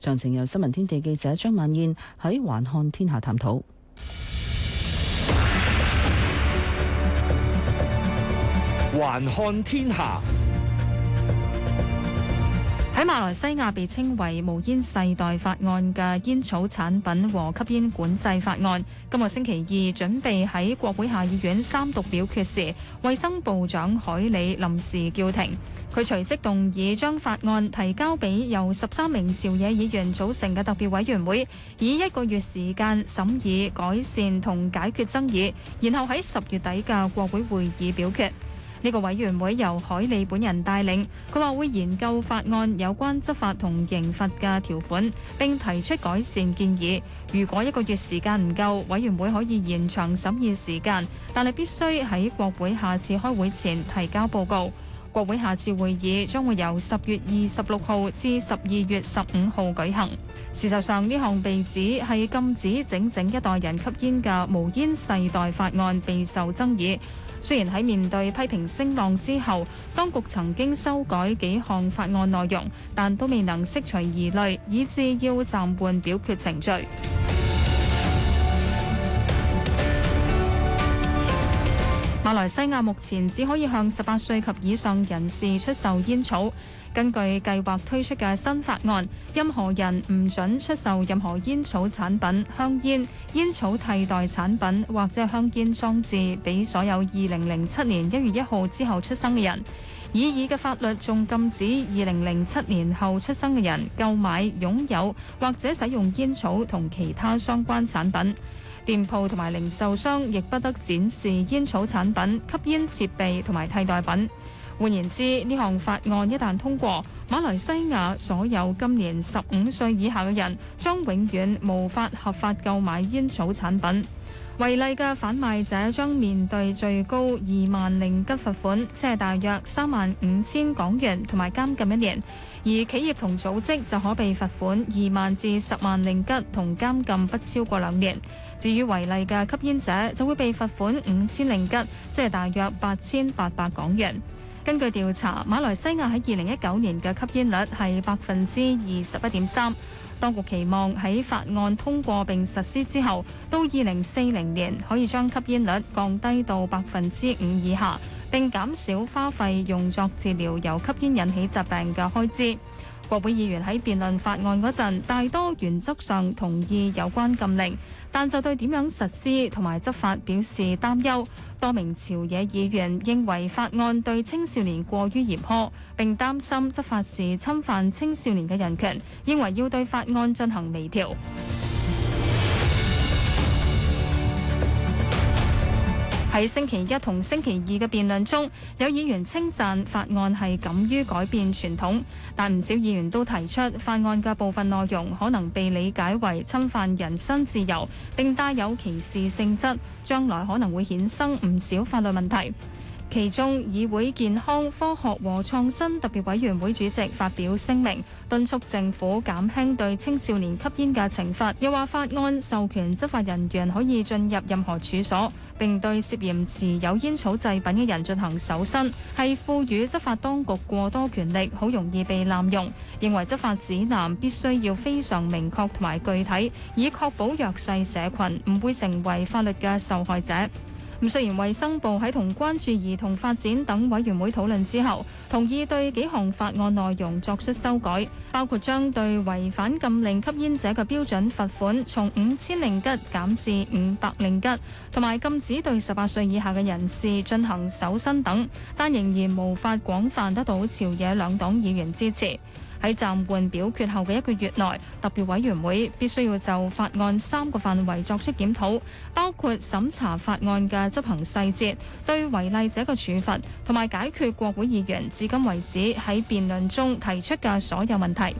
詳情由新聞天地記者張萬燕喺《環看天下》探討，《環看天下》。喺馬來西亞被稱為無煙世代法案嘅煙草產品和吸煙管制法案，今日星期二準備喺國會下議院三讀表決時，衛生部長海里臨時叫停。佢隨即動議將法案提交俾由十三名朝野議員組成嘅特別委員會，以一個月時間審議改善同解決爭議，然後喺十月底嘅國會會議表決。呢個委員會由凱里本人帶領，佢話會研究法案有關執法同刑罰嘅條款，並提出改善建議。如果一個月時間唔夠，委員會可以延長審議時間，但係必須喺國會下次開會前提交報告。國會下次會議將會由十月二十六號至十二月十五號舉行。事實上，呢項被指係禁止整整一代人吸煙嘅無煙世代法案，備受爭議。雖然喺面對批評聲浪之後，當局曾經修改幾項法案內容，但都未能釋除疑慮，以致要暫緩表決程序。 馬來西亞目前只可以向十八歲及以上人士出售煙草。根據計劃推出嘅新法案，任何人唔准出售任何煙草產品、香煙、煙草替代產品或者香煙裝置俾所有二零零七年一月一號之後出生嘅人。擬議嘅法律仲禁止二零零七年後出生嘅人購買、擁有或者使用煙草同其他相關產品。店鋪同埋零售商亦不得展示煙草產品、吸煙設備同埋替代品。換言之，呢項法案一旦通過，馬來西亞所有今年十五歲以下嘅人將永遠無法合法購買煙草產品。違例嘅販賣者將面對最高二萬令吉罰款，即係大約三萬五千港元，同埋監禁一年；而企業同組織就可被罰款二萬至十萬令吉，同監禁不超過兩年。至於違例嘅吸煙者，就會被罰款五千令吉，即係大約八千八百港元。根據調查，馬來西亞喺二零一九年嘅吸煙率係百分之二十一點三。當局期望喺法案通過並實施之後，到二零四零年可以將吸煙率降低到百分之五以下，並減少花費用作治療由吸煙引起疾病嘅開支。國會議員喺辯論法案嗰陣，大多原則上同意有關禁令，但就對點樣實施同埋執法表示擔憂。多名朝野議員認為法案對青少年過於嚴苛，並擔心執法時侵犯青少年嘅人權，認為要對法案進行微調。喺星期一同星期二嘅辯論中，有議員稱讚法案係敢於改變傳統，但唔少議員都提出，法案嘅部分內容可能被理解為侵犯人身自由，並帶有歧視性質，將來可能會衍生唔少法律問題。其中，議會健康、科學和創新特別委員會主席發表聲明，敦促政府減輕對青少年吸煙嘅懲罰，又話法案授權執法人員可以進入任何處所，並對涉嫌持有煙草製品嘅人進行搜身，係賦予執法當局過多權力，好容易被濫用。認為執法指南必須要非常明確同埋具體，以確保弱勢社群唔會成為法律嘅受害者。咁雖然衞生部喺同關注兒童發展等委員會討論之後，同意對幾項法案內容作出修改，包括將對違反禁令吸煙者嘅標準罰款從五千令吉減至五百令吉，同埋禁止對十八歲以下嘅人士進行搜身等，但仍然無法廣泛得到朝野兩黨議員支持。喺暫緩表決後嘅一個月內，特別委員會必須要就法案三個範圍作出檢討，包括審查法案嘅執行細節、對違例者嘅處罰，同埋解決國會議員至今為止喺辯論中提出嘅所有問題。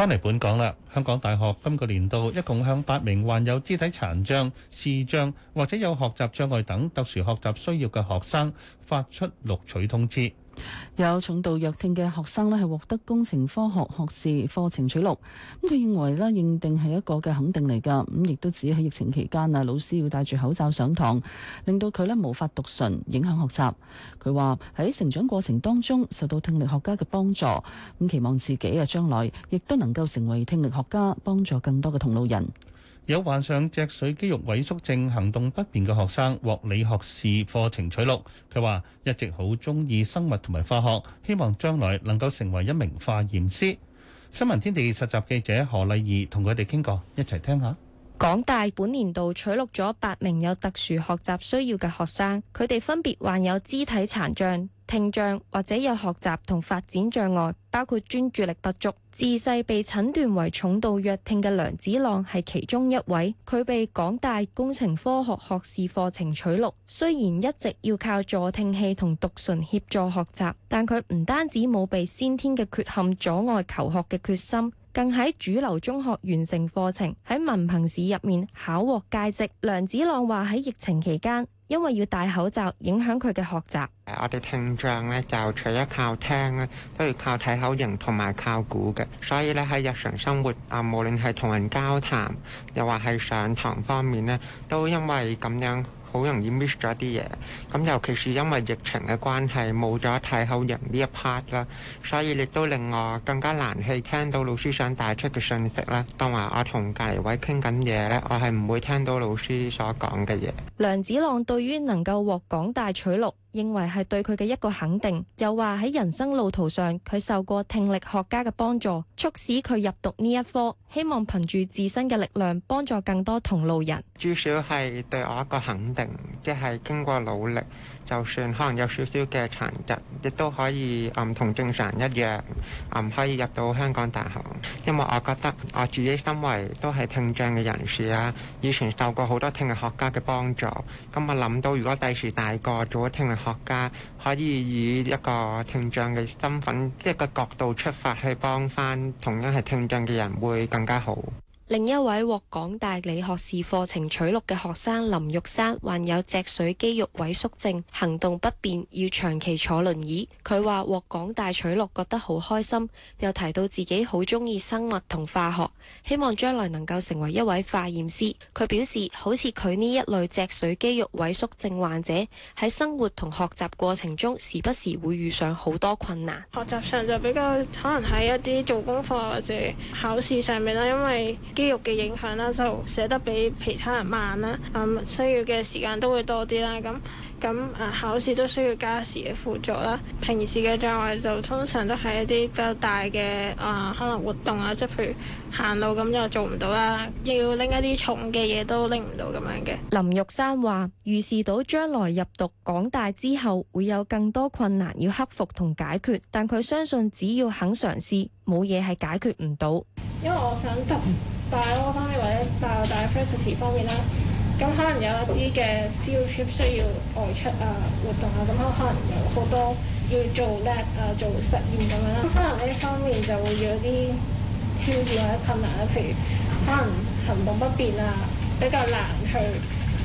返嚟本港啦，香港大學今個年度一共向八名患有肢體殘障、視障或者有學習障礙等特殊學習需要嘅學生發出錄取通知。有重度弱聽嘅學生呢，係獲得工程科學學士課程取錄。咁佢認為呢，認定係一個嘅肯定嚟㗎。咁亦都指喺疫情期間啊，老師要戴住口罩上堂，令到佢呢無法讀唇，影響學習。佢話喺成長過程當中受到聽力學家嘅幫助，咁期望自己啊將來亦都能夠成為聽力學家，幫助更多嘅同路人。有患上脊髓肌肉萎縮症、行動不便嘅學生獲理學士課程取錄，佢話一直好中意生物同埋化學，希望將來能夠成為一名化驗師。新聞天地實習記者何麗儀同佢哋傾過一齊聽下。港大本年度取錄咗八名有特殊學習需要嘅學生，佢哋分別患有肢體殘障。聽障或者有學習同發展障礙，包括專注力不足，自細被診斷為重度弱聽嘅梁子浪係其中一位。佢被港大工程科學學士課程取錄，雖然一直要靠助聽器同讀唇協助學習，但佢唔單止冇被先天嘅缺陷阻礙求學嘅決心，更喺主流中學完成課程，喺文憑試入面考獲佳績。梁子浪話喺疫情期間。因為要戴口罩，影響佢嘅學習。我哋聽障咧就除咗靠聽咧，都要靠睇口型同埋靠估嘅，所以咧喺日常生活啊，無論係同人交談，又或係上堂方面咧，都因為咁樣，好容易 miss 咗啲嘢，咁尤其是因為疫情嘅關係，冇咗睇口型呢一 part 啦，所以亦都令我更加難去聽到老師想帶出嘅信息啦。當埋我同隔離位傾緊嘢咧，我係唔會聽到老師所講嘅嘢。梁子朗對於能夠獲港大取錄。認為係對佢嘅一個肯定，又話喺人生路途上，佢受過聽力學家嘅幫助，促使佢入讀呢一科，希望憑住自身嘅力量幫助更多同路人。至少係對我一個肯定，即係經過努力。就算可能有少少嘅殘疾，亦都可以，嗯，同正常一樣，唔、嗯、可以入到香港大學。因為我覺得我自己身為都係聽障嘅人士啦、啊，以前受過好多聽力學家嘅幫助。咁、嗯、我諗到，如果第時大個做咗聽力學家，可以以一個聽障嘅身份，即、就、係、是、個角度出發去幫翻同樣係聽障嘅人，會更加好。另一位獲港大理學士課程取錄嘅學生林玉山患有脊髓肌肉萎縮症，行動不便，要長期坐輪椅。佢話獲港大取錄，覺得好開心，又提到自己好中意生物同化學，希望將來能夠成為一位化驗師。佢表示，好似佢呢一類脊髓肌肉萎縮症患者喺生活同學習過程中，時不時會遇上好多困難。學習上就比較可能喺一啲做功課或者考試上面啦，因為肌肉嘅影響啦，就寫得比其他人慢啦。嗯，需要嘅時間都會多啲啦。咁咁啊，考試都需要加時嘅輔助啦。平時嘅障礙就通常都係一啲比較大嘅啊、呃，可能活動啊，即係譬如行路咁就做唔到啦，要拎一啲重嘅嘢都拎唔到咁樣嘅。林玉山話預示到將來入讀港大之後會有更多困難要克服同解決，但佢相信只要肯嘗試，冇嘢係解決唔到。因為我想急。嗯大咯，方面或者大大學方面啦，咁可能有一啲嘅 field trip 需要外出啊、活動啊，咁啊可能有好多要做 that 啊做實驗咁樣啦，咁可能呢方面就會有啲挑戰或者困難啦，譬如可能行動不便啊，比較難去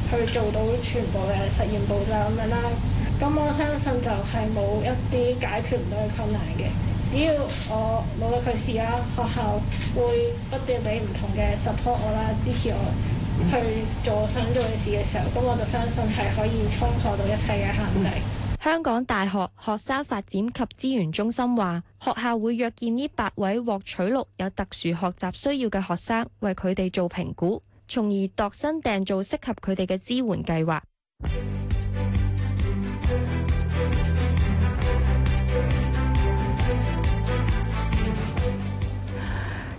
去做到全部嘅實驗步驟咁樣啦，咁我相信就係冇一啲解決唔到嘅困難嘅。只要我努力去試啦，學校會不斷俾唔同嘅 support 我啦，支持我去做想做嘅事嘅時候，咁我就相信係可以衝破到一切嘅限制。嗯、香港大學學生發展及資源中心話，學校會約見呢八位獲取錄有特殊學習需要嘅學生，為佢哋做評估，從而度身訂造適合佢哋嘅支援計劃。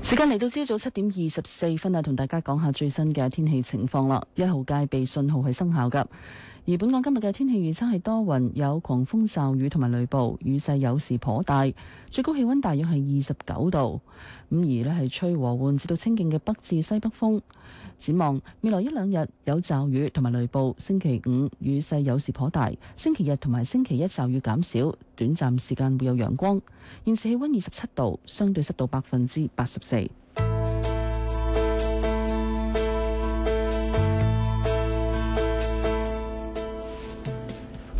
時間嚟到朝早七點二十四分啊，同大家講下最新嘅天氣情況啦。一號戒備信號係生效嘅，而本港今日嘅天氣預測係多雲，有狂風驟雨同埋雷暴，雨勢有時頗大，最高氣温大約係二十九度。咁而呢係吹和緩至到清勁嘅北至西北風。展望未來一兩日有驟雨同埋雷暴，星期五雨勢有時頗大，星期日同埋星期一驟雨減少，短暫時間會有陽光。現時氣温二十七度，相對濕度百分之八十四。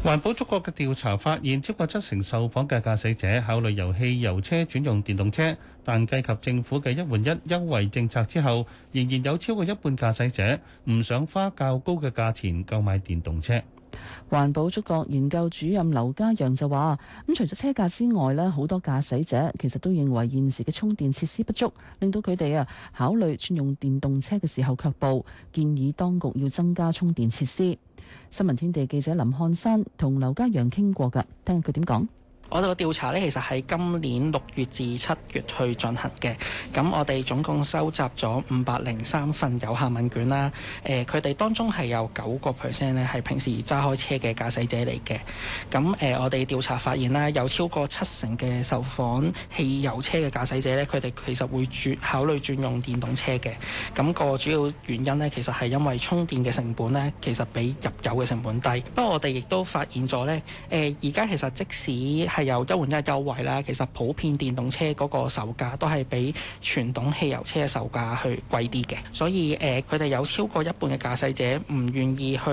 環保觸覺嘅調查發現，超過七成受訪嘅駕駛者考慮由汽油車轉用電動車，但計及政府嘅一換一優惠政策之後，仍然有超過一半駕駛者唔想花較高嘅價錢購買電動車。環保觸覺研究主任劉家陽就話，咁除咗車價之外呢，好多駕駛者其實都認為現時嘅充電設施不足，令到佢哋啊考慮轉用電動車嘅時候卻步。建議當局要增加充電設施。新聞天地記者林漢山同劉家陽傾過㗎，聽下佢點講。我哋個調查咧，其實喺今年六月至七月去進行嘅。咁我哋總共收集咗五百零三份有效問卷啦。誒、呃，佢哋當中係有九個 percent 咧，係平時揸開車嘅駕駛者嚟嘅。咁誒、呃，我哋調查發現啦，有超過七成嘅受訪汽油車嘅駕駛者咧，佢哋其實會轉考慮轉用電動車嘅。咁、那個主要原因咧，其實係因為充電嘅成本咧，其實比入油嘅成本低。不過我哋亦都發現咗咧，誒而家其實即使係有一換一嘅優惠啦，其實普遍電動車嗰個售價都係比傳統汽油車嘅售價去貴啲嘅，所以誒佢哋有超過一半嘅駕駛者唔願意去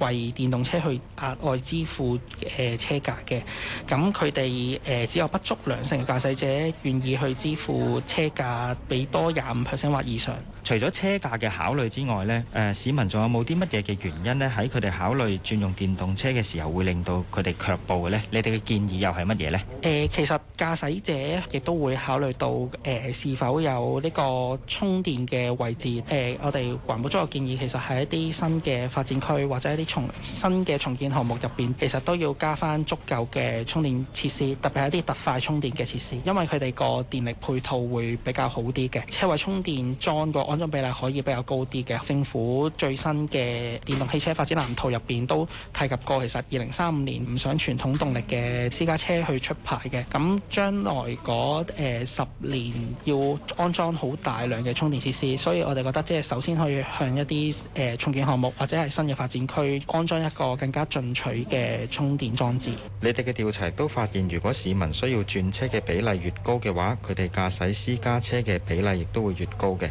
為電動車去額外支付誒、呃、車價嘅，咁佢哋誒只有不足兩成嘅駕駛者願意去支付車價畀多廿五 percent 或以上。除咗車價嘅考慮之外呢，誒、呃、市民仲有冇啲乜嘢嘅原因呢？喺佢哋考慮轉用電動車嘅時候，會令到佢哋卻步嘅呢？你哋嘅建議又係乜嘢咧？誒，其實駕駛者亦都會考慮到誒、呃、是否有呢個充電嘅位置。誒、呃，我哋環保組又建議，其實喺一啲新嘅發展區或者一啲重新嘅重建項目入邊，其實都要加翻足夠嘅充電設施，特別係一啲特快充電嘅設施，因為佢哋個電力配套會比較好啲嘅。車位充電樁個安裝比例可以比較高啲嘅。政府最新嘅電動汽車發展藍圖入邊都提及過，其實二零三五年唔想傳統動力嘅私家車車去出牌嘅，咁將來嗰呃十年要安裝好大量嘅充電設施，施，所以我哋覺得即係首先可以向一啲誒、呃、重建項目或者係新嘅發展區安裝一個更加進取嘅充電裝置。你哋嘅調查亦都發現，如果市民需要轉車嘅比例越高嘅話，佢哋駕駛私家車嘅比例亦都會越高嘅。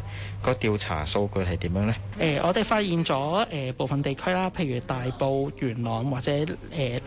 個調查數據係點樣咧？誒、呃，我哋發現咗誒、呃、部分地區啦，譬如大埔、元朗或者誒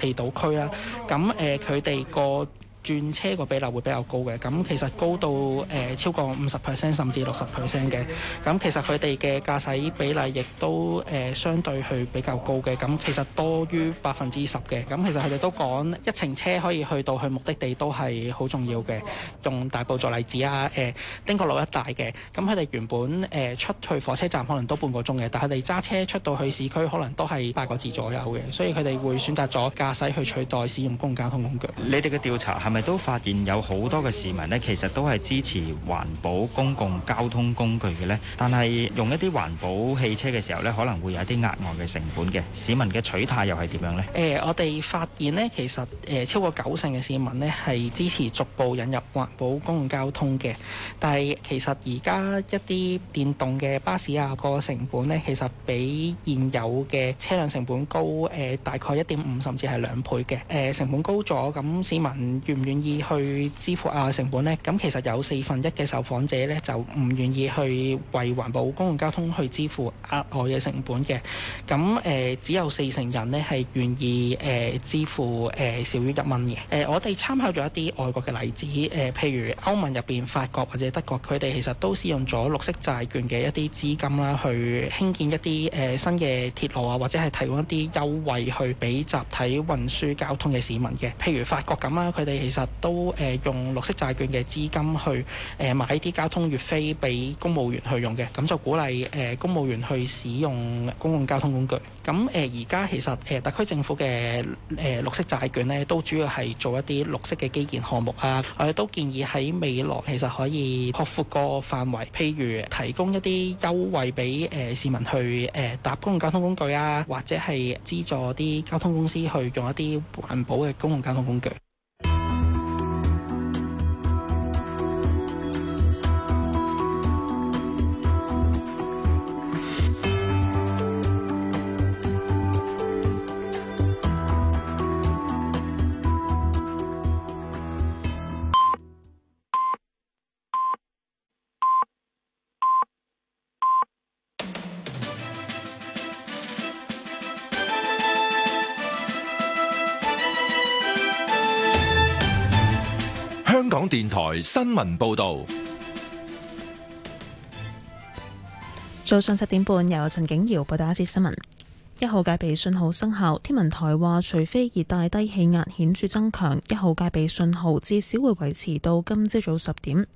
離島區啦，咁、呃、誒，佢哋個，啊呃轉車個比例會比較高嘅，咁其實高到誒、呃、超過五十 percent 甚至六十 percent 嘅，咁其實佢哋嘅駕駛比例亦都誒、呃、相對去比較高嘅，咁其實多於百分之十嘅，咁其實佢哋都講一程車可以去到去目的地都係好重要嘅，用大埔做例子啊，誒汀角路一帶嘅，咁佢哋原本誒、呃、出去火車站可能都半個鐘嘅，但係佢哋揸車出到去市區可能都係八個字左右嘅，所以佢哋會選擇咗駕駛去取代使用公共交通工具。你哋嘅調查係？咪都發現有好多嘅市民咧，其實都係支持環保公共交通工具嘅咧。但係用一啲環保汽車嘅時候咧，可能會有啲額外嘅成本嘅。市民嘅取態又係點樣咧？誒、呃，我哋發現咧，其實誒、呃、超過九成嘅市民咧係支持逐步引入環保公共交通嘅。但係其實而家一啲電動嘅巴士啊，個成本咧，其實比現有嘅車輛成本高誒、呃、大概一點五甚至係兩倍嘅。誒、呃、成本高咗，咁市民願。唔願意去支付額外成本呢？咁其實有四分一嘅受訪者呢，就唔願意去為環保公共交通去支付額外嘅成本嘅。咁誒只有四成人呢，係願意誒支付誒少於一蚊嘅。誒我哋參考咗一啲外國嘅例子，誒譬如歐盟入邊法國或者德國，佢哋其實都使用咗綠色債券嘅一啲資金啦，去興建一啲誒新嘅鐵路啊，或者係提供一啲優惠去俾集體運輸交通嘅市民嘅。譬如法國咁啦，佢哋。其實都誒用綠色債券嘅資金去誒買啲交通月飛俾公務員去用嘅，咁就鼓勵誒公務員去使用公共交通工具。咁誒而家其實誒特區政府嘅誒綠色債券咧，都主要係做一啲綠色嘅基建項目啊。我哋都建議喺未來其實可以擴闊個範圍，譬如提供一啲優惠俾誒市民去誒搭公共交通工具啊，或者係資助啲交通公司去用一啲環保嘅公共交通工具。台新聞報導，早上七點半由陳景瑤報道一節新聞。一號戒備信號生效，天文台話，除非熱帶低氣壓顯著增強，一號戒備信號至少會維持到今朝早十點。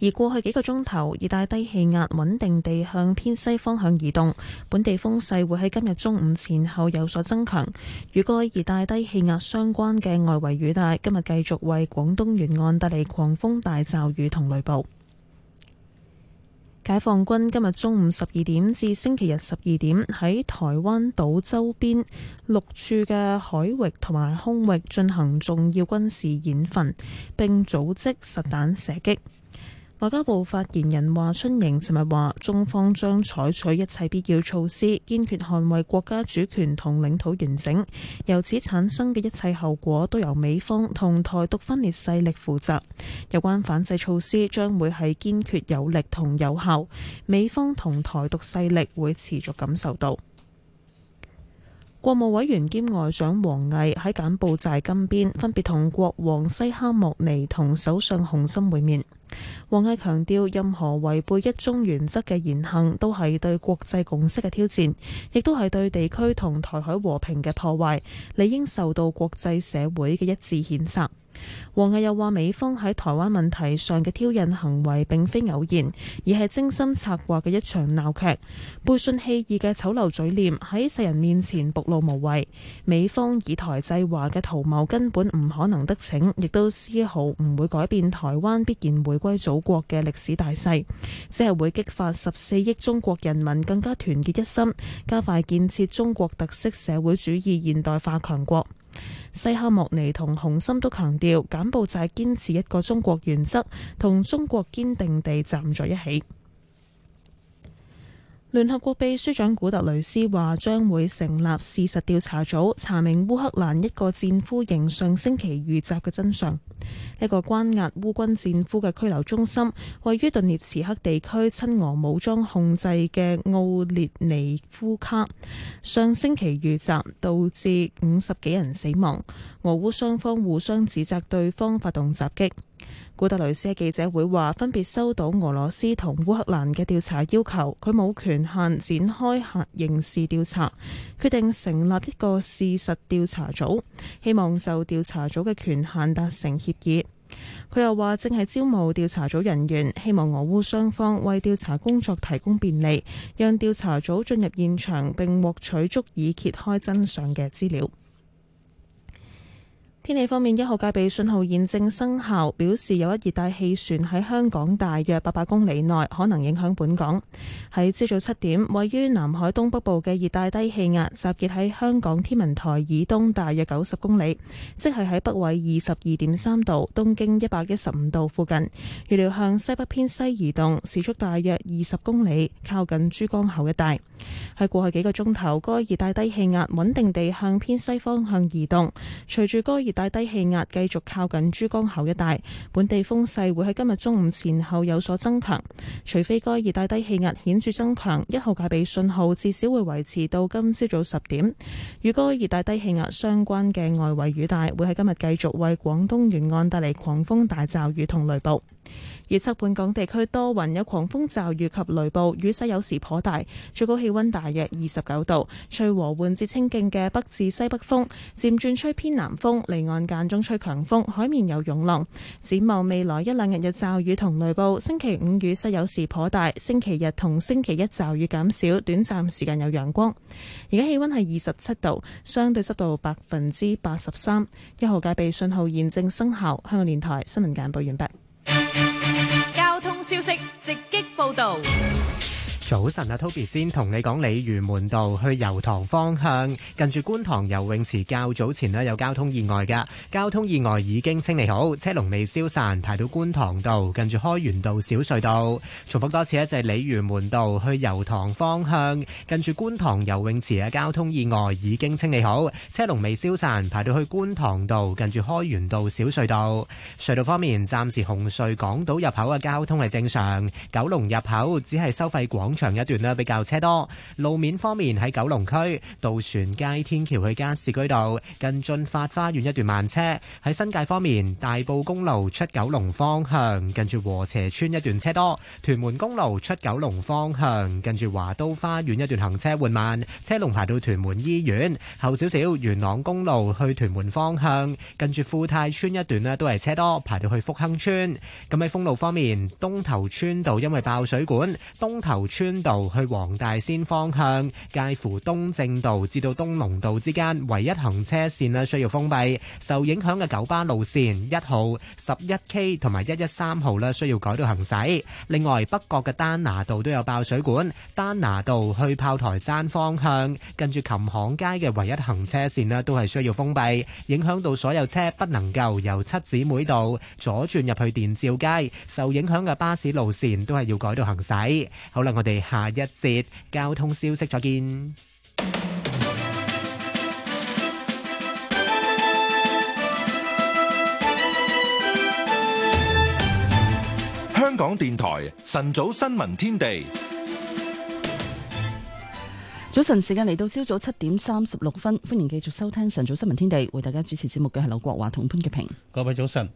而過去幾個鐘頭，熱帶低氣壓穩定地向偏西方向移動，本地風勢會喺今日中午前後有所增強。與該熱帶低氣壓相關嘅外圍雨帶，今日繼續為廣東沿岸帶嚟狂風、大驟雨同雷暴。解放軍今日中午十二點至星期日十二點，喺台灣島周邊六處嘅海域同埋空域進行重要軍事演訓，並組織實彈射擊。外交部發言人華春瑩尋日話：中方將採取一切必要措施，堅決捍衛國家主權同領土完整。由此產生嘅一切後果，都由美方同台獨分裂勢力負責。有關反制措施將會係堅決、有力同有效，美方同台獨勢力會持續感受到。國務委員兼外長王毅喺柬埔寨金邊分別同國王西哈莫尼同首相洪森會面。王毅強調，任何違背一中原則嘅言行都係對國際共識嘅挑戰，亦都係對地區同台海和平嘅破壞，理應受到國際社會嘅一致譴責。王毅又話：美方喺台灣問題上嘅挑釁行為並非偶然，而係精心策劃嘅一場鬧劇，背信棄義嘅醜陋嘴臉喺世人面前暴露無遺。美方以台制華嘅圖謀根本唔可能得逞，亦都絲毫唔會改變台灣必然回歸祖國嘅歷史大勢，即係會激發十四億中國人民更加團結一心，加快建設中國特色社會主義現代化強國。西哈莫尼同洪森都強調，柬埔寨堅持一個中國原則，同中國堅定地站在一起。聯合國秘書長古特雷斯話將會成立事實調查組，查明烏克蘭一個戰俘營上星期遇襲嘅真相。一個關押烏軍戰俘嘅拘留中心位於頓涅茨克地區親俄武裝控制嘅奧列尼夫卡，上星期遇襲，導致五十幾人死亡。俄烏雙方互相指責對方發動襲擊。古特雷斯嘅記者會話，分別收到俄羅斯同烏克蘭嘅調查要求，佢冇權限展開刑事調查，決定成立一個事實調查組，希望就調查組嘅權限達成協議。佢又話，正係招募調查組人員，希望俄烏雙方為調查工作提供便利，讓調查組進入現場，並獲取足以揭開真相嘅資料。天氣方面，一號戒備信號現正生效，表示有一熱帶氣旋喺香港大約八百公里內可能影響本港。喺朝早七點，位於南海東北部嘅熱帶低氣壓集結喺香港天文台以東大約九十公里，即係喺北緯二十二點三度、東經一百一十五度附近，預料向西北偏西移動，時速大約二十公里，靠近珠江口一帶。喺過去幾個鐘頭，該熱帶低氣壓穩定地向偏西方向移動。隨住該熱帶低氣壓繼續靠近珠江口一帶，本地風勢會喺今日中午前後有所增強。除非該熱帶低氣壓顯著增強，一號戒備信號至少會維持到今朝早十點。與該熱帶低氣壓相關嘅外圍雨帶會喺今日繼續為廣東沿岸帶嚟狂風、大驟雨同雷暴。預測本港地區多雲，有狂風驟雨及雷暴，雨勢有時頗大，最高氣溫大約二十九度。吹和緩至清勁嘅北至西北風，漸轉吹偏南風，離岸間中吹強風，海面有湧浪。展望未來一兩日嘅驟雨同雷暴，星期五雨勢有時頗大，星期日同星期一驟雨減少，短暫時間有陽光。而家氣溫係二十七度，相對濕度百分之八十三，一號戒備信號現正生效。香港電台新聞簡報完畢。消息直擊報導。早晨啊，Toby 先同你講鯉魚門道去油塘方向，近住觀塘游泳池較早前咧有交通意外噶，交通意外已經清理好，車龍未消散，排到觀塘道，近住開源道小隧道。重複多次咧，就係鯉魚門道去油塘方向，近住觀塘游泳池嘅交通意外已經清理好，車龍未消散，排到去觀塘道，近住開源道小隧道。隧道方面，暫時紅隧港島入口嘅交通係正常，九龍入口只係收費廣場一段咧，比較車多。路面方面喺九龍區渡船街天橋去加士居道，近駿發花園一段慢車。喺新界方面，大埔公路出九龍方向，近住禾輋邨一段車多。屯門公路出九龍方向，近住華都花園一段行車緩慢，車龍排到屯門醫院後少少。元朗公路去屯門方向，近住富泰村一段咧都係車多，排到去福亨村。咁喺封路方面，東頭村道因為爆水管，東頭村，村道去黃大仙方向，介乎東正道至到東龍道之間唯一行車線咧需要封閉，受影響嘅九巴路線一號、十一 K 同埋一一三號咧需要改道行駛。另外北角嘅丹拿道都有爆水管，丹拿道去炮台山方向，跟住琴行街嘅唯一行車線咧都係需要封閉，影響到所有車不能夠由七姊妹道左轉入去電照街，受影響嘅巴士路線都係要改道行駛。好啦，我哋。下一節交通消息，再見。香港電台晨早新聞天地，早晨時間嚟到，朝早七點三十六分，歡迎繼續收聽晨早新聞天地，為大家主持節目嘅係劉國華同潘潔平。各位早晨。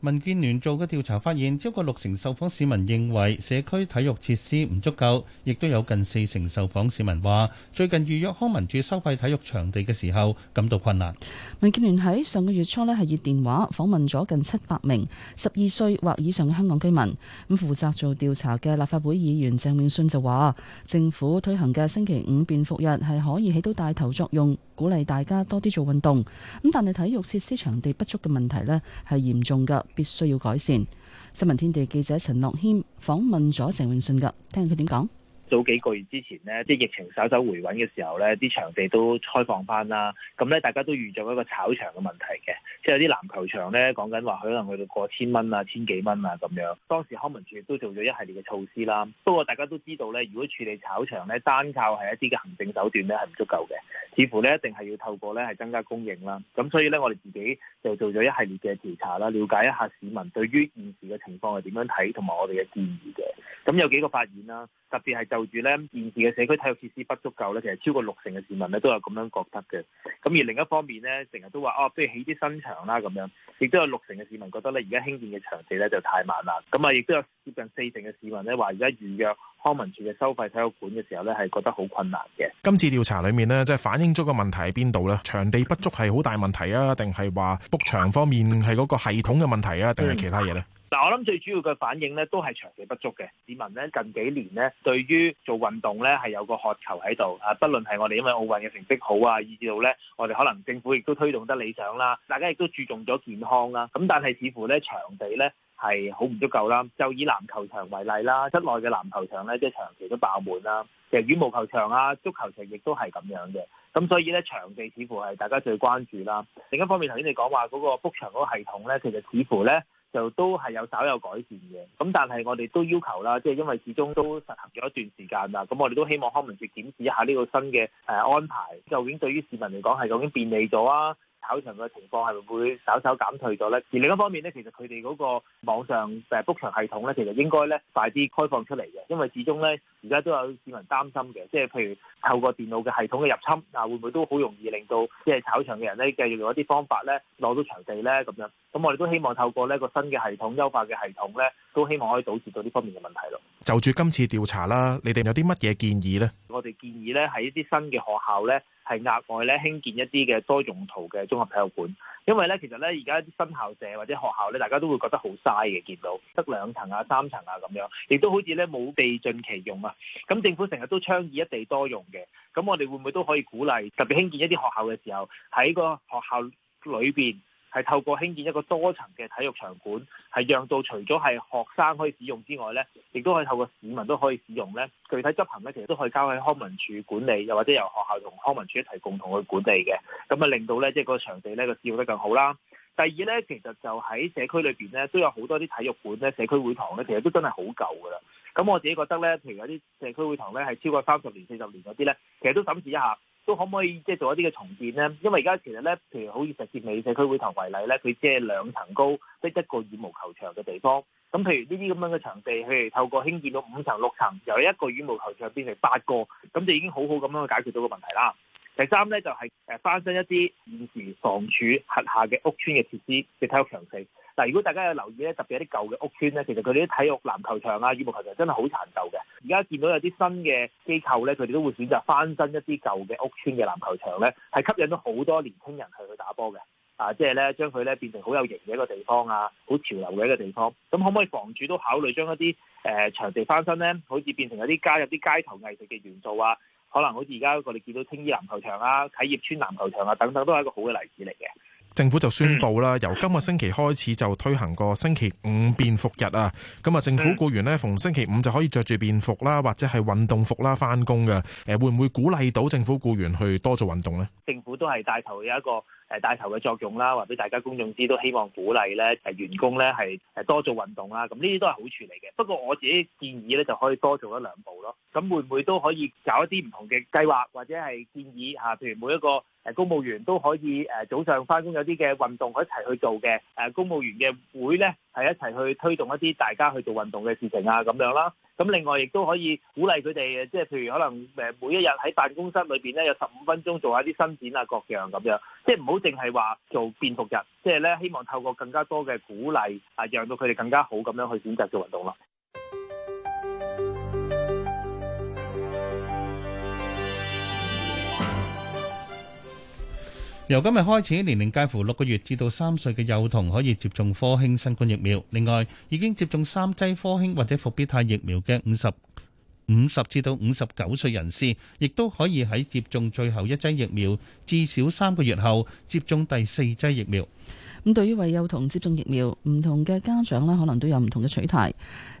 民建聯做嘅調查發現，超過六成受訪市民認為社區體育設施唔足夠，亦都有近四成受訪市民話，最近預約康文署收費體育場地嘅時候感到困難。民建聯喺上個月初呢，係以電話訪問咗近七百名十二歲或以上嘅香港居民。咁負責做調查嘅立法會議員鄭永信就話，政府推行嘅星期五便服日係可以起到帶頭作用，鼓勵大家多啲做運動。咁但係體育設施場地不足嘅問題呢，係嚴重噶。必須要改善。新聞天地記者陳樂謙訪問咗鄭永信噶聽佢點講。早幾個月之前呢，即係疫情稍稍回穩嘅時候呢，啲場地都開放翻啦。咁咧，大家都預咗一個炒場嘅問題嘅，即係有啲籃球場呢講緊話可能去到過千蚊啊、千幾蚊啊咁樣。當時康文署亦都做咗一系列嘅措施啦。不過大家都知道呢，如果處理炒場呢，單靠係一啲嘅行政手段呢，係唔足夠嘅，似乎呢一定係要透過呢係增加供應啦。咁所以呢，我哋自己就做咗一系列嘅調查啦，了解一下市民對於現時嘅情況係點樣睇，同埋我哋嘅建議嘅。咁有幾個發現啦，特別係就住呢，現時嘅社區體育設施不足夠呢，其實超過六成嘅市民呢都有咁樣覺得嘅。咁而另一方面呢，成日都話哦、啊，不如起啲新場啦咁樣，亦都有六成嘅市民覺得呢，而家興建嘅場地呢就太慢啦。咁啊，亦都有接近四成嘅市民呢話，而家預約康文署嘅收費體育館嘅時候呢係覺得好困難嘅。今次調查裏面呢，即、就、係、是、反映咗個問題喺邊度呢？場地不足係好大問題啊，定係話 book 場方面係嗰個系統嘅問題啊，定係其他嘢呢？嗯嗱，我諗最主要嘅反應咧，都係長期不足嘅。市民咧近幾年咧，對於做運動咧係有個渴求喺度。啊，不論係我哋因為奧運嘅成績好啊，以至到咧我哋可能政府亦都推動得理想啦，大家亦都注重咗健康啦。咁但係似乎咧場地咧係好唔足夠啦。就以籃球場為例啦，室內嘅籃球場咧即係長期都爆滿啦。其實羽毛球場啊、足球場亦都係咁樣嘅。咁所以咧場地似乎係大家最關注啦。另一方面，頭先你講話嗰個 book 場嗰個系統咧，其實似乎咧。就都係有稍有改善嘅，咁但係我哋都要求啦，即係因為始終都實行咗一段時間啦，咁我哋都希望康文署檢視一下呢個新嘅誒安排，究竟對於市民嚟講係究竟便利咗啊？炒場嘅情況係咪會稍稍減退咗呢？而另一方面呢，其實佢哋嗰個網上嘅 book 場系統呢，其實應該呢快啲開放出嚟嘅，因為始終呢而家都有市民擔心嘅，即係譬如透過電腦嘅系統嘅入侵，啊會唔會都好容易令到即係炒場嘅人呢繼續用一啲方法呢攞到場地呢咁樣？咁我哋都希望透過呢個新嘅系統、優化嘅系統呢，都希望可以堵截到呢方面嘅問題咯。就住今次調查啦，你哋有啲乜嘢建議呢？我哋建議呢喺一啲新嘅學校呢。係額外咧興建一啲嘅多用途嘅綜合體育館，因為咧其實咧而家啲新校舍或者學校咧，大家都會覺得好嘥嘅，見到得兩層啊、三層啊咁樣，亦都好似咧冇地盡其用啊。咁政府成日都倡議一地多用嘅，咁我哋會唔會都可以鼓勵特別興建一啲學校嘅時候喺個學校裏面？係透過興建一個多層嘅體育場館，係讓到除咗係學生可以使用之外呢，亦都可以透過市民都可以使用呢。具體執行呢，其實都可以交喺康文署管理，又或者由學校同康文署一齊共同去管理嘅。咁啊，令到呢，即係個場地呢，個使用得更好啦。第二呢，其實就喺社區裏邊呢，都有好多啲體育館呢、社區會堂呢，其實都真係好舊㗎啦。咁我自己覺得呢，譬如有啲社區會堂呢，係超過三十年、四十年嗰啲呢，其實都審視一下。都可唔可以即係做一啲嘅重建呢？因為而家其實呢，譬如好似石硤尾社區會堂為例呢，佢只係兩層高，即一個羽毛球場嘅地方。咁譬如呢啲咁樣嘅場地，譬如透過興建到五層六層，由一個羽毛球場變成八個，咁就已經好好咁樣去解決到個問題啦。第三呢，就係誒翻新一啲現時房署轄下嘅屋邨嘅設施，嘅體育場地。但如果大家有留意咧，特別一啲舊嘅屋邨咧，其實佢哋啲體育籃球場啊、羽毛球場真係好殘舊嘅。而家見到有啲新嘅機構咧，佢哋都會選擇翻新一啲舊嘅屋邨嘅籃球場咧，係吸引咗好多年輕人去去打波嘅。啊，即係咧將佢咧變成好有型嘅一個地方啊，好潮流嘅一個地方。咁可唔可以房主都考慮將一啲誒場地翻新咧，好似變成一啲加入啲街頭藝術嘅元素啊？可能好似而家我哋見到青衣籃球場啊、啟業邨籃球場啊等等，都係一個好嘅例子嚟嘅。政府就宣布啦，由今個星期開始就推行個星期五便服日啊！咁啊，政府雇員呢，逢星期五就可以著住便服啦，或者係運動服啦返工嘅。誒，會唔會鼓勵到政府雇員去多做運動呢？政府都係帶頭有一個。誒，帶頭嘅作用啦，話俾大家公眾知，都希望鼓勵咧，誒員工咧係誒多做運動啦。咁呢啲都係好處嚟嘅。不過我自己建議咧，就可以多做一兩步咯。咁會唔會都可以搞一啲唔同嘅計劃，或者係建議吓，譬如每一個誒公務員都可以誒早上返工有啲嘅運動一齊去做嘅。誒公務員嘅會咧，係一齊去推動一啲大家去做運動嘅事情啊，咁樣啦。咁另外亦都可以鼓勵佢哋，即係譬如可能誒每一日喺辦公室裏邊咧有十五分鐘做下啲伸展啊、各樣咁樣，即係唔好淨係話做變復日，即係咧希望透過更加多嘅鼓勵啊，讓到佢哋更加好咁樣去選擇做運動啦。由今日開始，年齡介乎六個月至到三歲嘅幼童可以接種科興新冠疫苗。另外，已經接種三劑科興或者復必泰疫苗嘅五十五十至到五十九歲人士，亦都可以喺接種最後一劑疫苗至少三個月後接種第四劑疫苗。咁對於為幼童接種疫苗，唔同嘅家長咧，可能都有唔同嘅取態。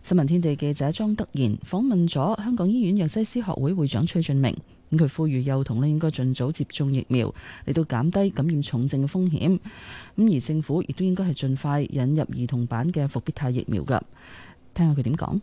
新聞天地記者莊德賢訪問咗香港醫院藥劑師，師學會會長崔俊明。咁佢呼籲幼童呢應該盡早接種疫苗，嚟到減低感染重症嘅風險。咁而政府亦都應該係盡快引入兒童版嘅復必泰疫苗㗎。聽下佢點講。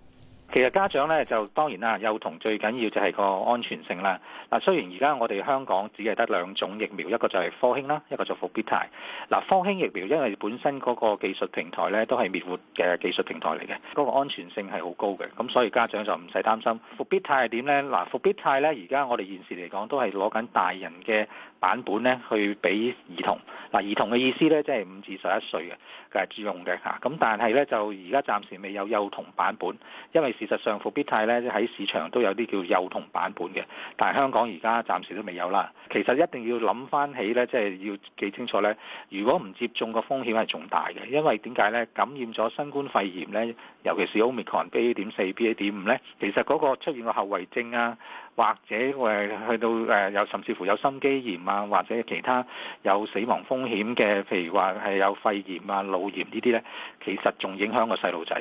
其實家長咧就當然啦，幼童最緊要就係個安全性啦。嗱，雖然而家我哋香港只係得兩種疫苗，一個就係科興啦，一個就復必泰。嗱、啊，科興疫苗因為本身嗰個技術平台咧都係滅活嘅技術平台嚟嘅，嗰、那個安全性係好高嘅，咁所以家長就唔使擔心。復必泰係點咧？嗱、啊，復必泰咧而家我哋現時嚟講都係攞緊大人嘅。版本呢去俾兒童。嗱、啊，兒童嘅意思呢，即係五至十一歲嘅，佢係注用嘅嚇。咁、啊、但係呢，就而家暫時未有幼童版本，因為事實上復必泰呢喺市場都有啲叫幼童版本嘅，但係香港而家暫時都未有啦。其實一定要諗翻起呢，即係要記清楚呢，如果唔接種個風險係重大嘅，因為點解呢？感染咗新冠肺炎呢，尤其是 Omicron BA. 點四 BA. 點五呢，其實嗰個出現個後遺症啊～或者誒去到誒有甚至乎有心肌炎啊，或者其他有死亡風險嘅，譬如話係有肺炎啊、腦炎呢啲咧，其實仲影響個細路仔。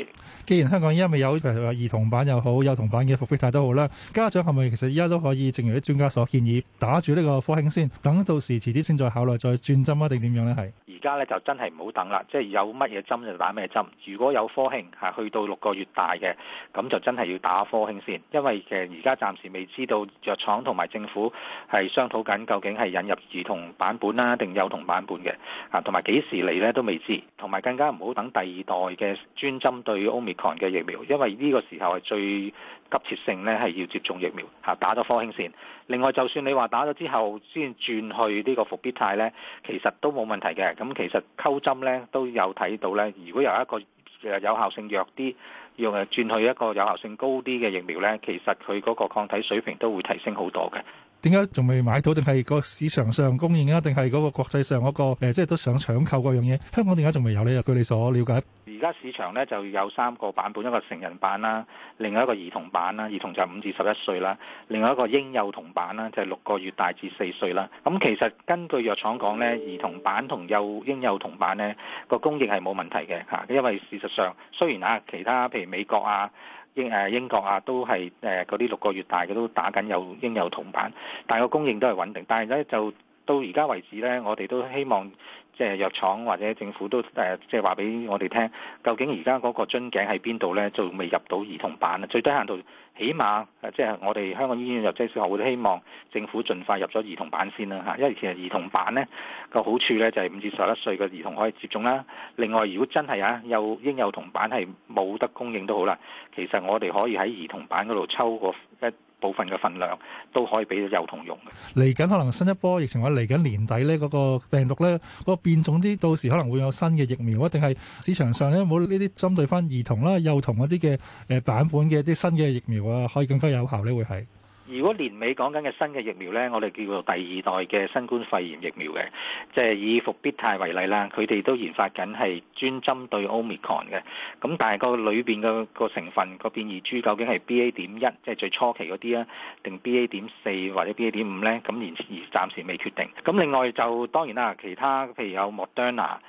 既然香港而家未有誒兒童版又好，幼童版嘅復必泰都好啦，家長係咪其實而家都可以，正如啲專家所建議，打住呢個科興先，等到時遲啲先再考慮再轉針啊，定點樣咧？係。而家咧就真係唔好等啦，即係有乜嘢針就打咩針。如果有科興嚇，去到六個月大嘅，咁就真係要打科興先，因為嘅而家暫時未知道藥廠同埋政府係商討緊究竟係引入兒童版本啦，定幼童版本嘅啊，同埋幾時嚟呢都未知。同埋更加唔好等第二代嘅專針對 Omicron 嘅疫苗，因為呢個時候係最急切性咧係要接種疫苗嚇，打咗科興線。另外，就算你話打咗之後先轉去呢個復必泰咧，其實都冇問題嘅。咁其實溝針咧都有睇到咧，如果有一個誒有效性弱啲，用誒轉去一個有效性高啲嘅疫苗咧，其實佢嗰個抗體水平都會提升好多嘅。點解仲未買到？定係個市場上供應啊？定係嗰個國際上嗰個即係都想搶購嗰樣嘢？香港點解仲未有咧？據你所了解，而家市場呢就有三個版本：一個成人版啦，另外一個兒童版啦，兒童就五至十一歲啦；另外一個嬰幼童版啦，就係六個月大至四歲啦。咁其實根據藥廠講呢兒童版同幼嬰幼童版呢個供應係冇問題嘅嚇，因為事實上雖然啊，其他譬如美國啊。英誒、呃、英國啊，都係誒嗰啲六個月大嘅都打緊有應有銅板，但係個供應都係穩定。但係咧就到而家為止咧，我哋都希望。即係藥廠或者政府都誒，即係話俾我哋聽，究竟而家嗰個樽頸喺邊度呢？就未入到兒童版啊。最低限度，起碼即係、就是、我哋香港醫院入藥劑師學會希望政府盡快入咗兒童版先啦嚇。因為其實兒童版呢個好處呢，就係五至十一歲嘅兒童可以接種啦。另外，如果真係啊幼嬰幼童版係冇得供應都好啦，其實我哋可以喺兒童版嗰度抽個一。部分嘅份量都可以俾幼童用嘅。嚟緊可能新一波疫情或嚟緊年底咧，嗰個病毒咧、嗰個變種啲，到時可能會有新嘅疫苗啊，定係市場上咧冇呢啲針對翻兒童啦、幼童嗰啲嘅誒版本嘅一啲新嘅疫苗啊，可以更加有效咧，會係。如果年尾講緊嘅新嘅疫苗呢，我哋叫做第二代嘅新冠肺炎疫苗嘅，即係以復必泰為例啦，佢哋都研發緊係專針對 Omicron 嘅。咁但係個裏邊嘅個成分個變異株究竟係 B A 點一，即係最初期嗰啲啊，定 B A 點四或者 B A 點五咧？咁而暫時未決定。咁另外就當然啦，其他譬如有莫德納啊，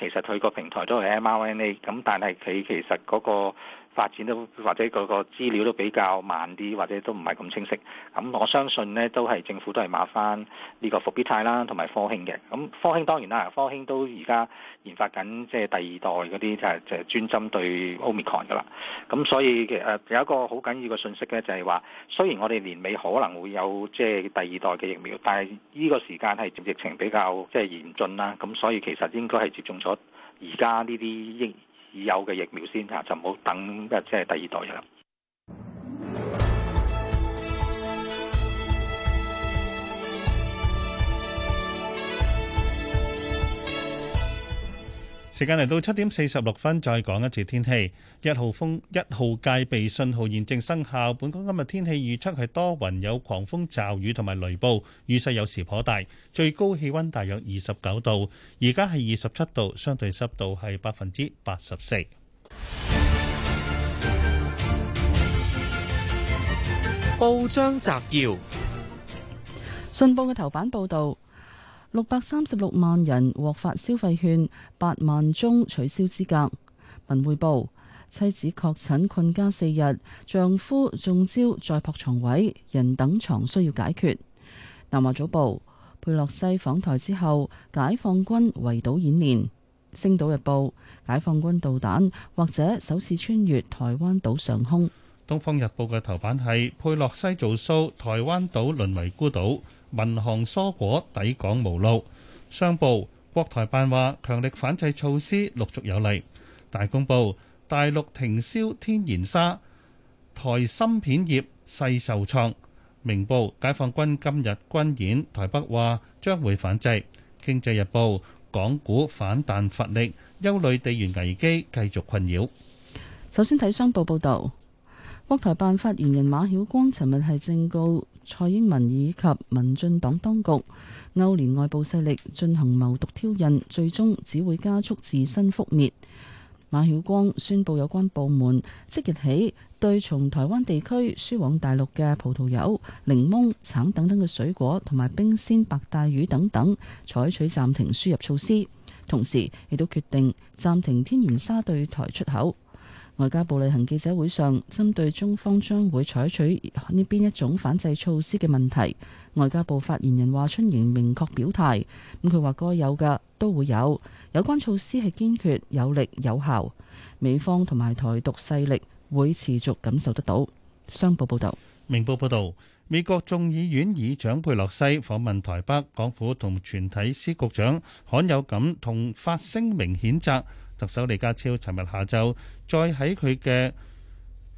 其實佢個平台都係 m R N A，咁但係佢其實嗰個。發展都或者個個資料都比較慢啲，或者都唔係咁清晰。咁我相信呢，都係政府都係買翻呢個伏必泰啦，同埋科興嘅。咁科興當然啦，科興都而家研發緊即係第二代嗰啲誒誒專針對奧密 o n 噶啦。咁所以嘅誒有一個好緊要嘅信息呢，就係、是、話雖然我哋年尾可能會有即係第二代嘅疫苗，但係呢個時間係疫情比較即係嚴峻啦。咁所以其實應該係接種咗而家呢啲疫。已有嘅疫苗先啊，就唔好等即係、就是、第二代啦。時間嚟到七點四十六分，再講一次天氣。一號風，一號戒備信號現正生效。本港今日天氣預測係多雲，有狂風驟雨同埋雷暴，雨勢有時頗大，最高氣温大約二十九度。而家係二十七度，相對濕度係百分之八十四。報章摘要，信報嘅頭版報道。六百三十六萬人獲發消費券，八萬宗取消資格。文匯報：妻子確診困家四日，丈夫中招再撲床位，人等床需要解決。南華早報：佩洛西訪台之後，解放軍圍島演練。星島日報：解放軍導彈或者首次穿越台灣島上空。東方日報嘅頭版係佩洛西做 show，台灣島淪為孤島。民航蔬果抵港無路，商報，國台辦話強力反制措施陸續有利。大公報，大陸停銷天然砂，台芯片業勢受創。明報，解放軍今日軍演，台北話將會反制。經濟日報，港股反彈乏力，憂慮地緣危機繼續困擾。首先睇商報報導，國台辦發言人馬曉光尋日係正告。蔡英文以及民進黨當局勾連外部勢力進行謀獨挑釁，最終只會加速自身覆滅。馬曉光宣布，有關部門即日起對從台灣地區輸往大陸嘅葡萄柚、檸檬、橙等等嘅水果，同埋冰鮮白帶魚等等，採取暫停輸入措施，同時亦都決定暫停天然砂對台出口。外交部例行記者會上，針對中方將會採取呢邊一種反制措施嘅問題，外交部發言人華春瑩明確表態，咁佢話該有嘅都會有，有關措施係堅決有力有效，美方同埋台獨勢力會持續感受得到。商報報道，明報報道，美國眾議院議長佩洛西訪問台北，港府同全體司局長罕有咁同發聲明譴責。特首李家超尋日下晝再喺佢嘅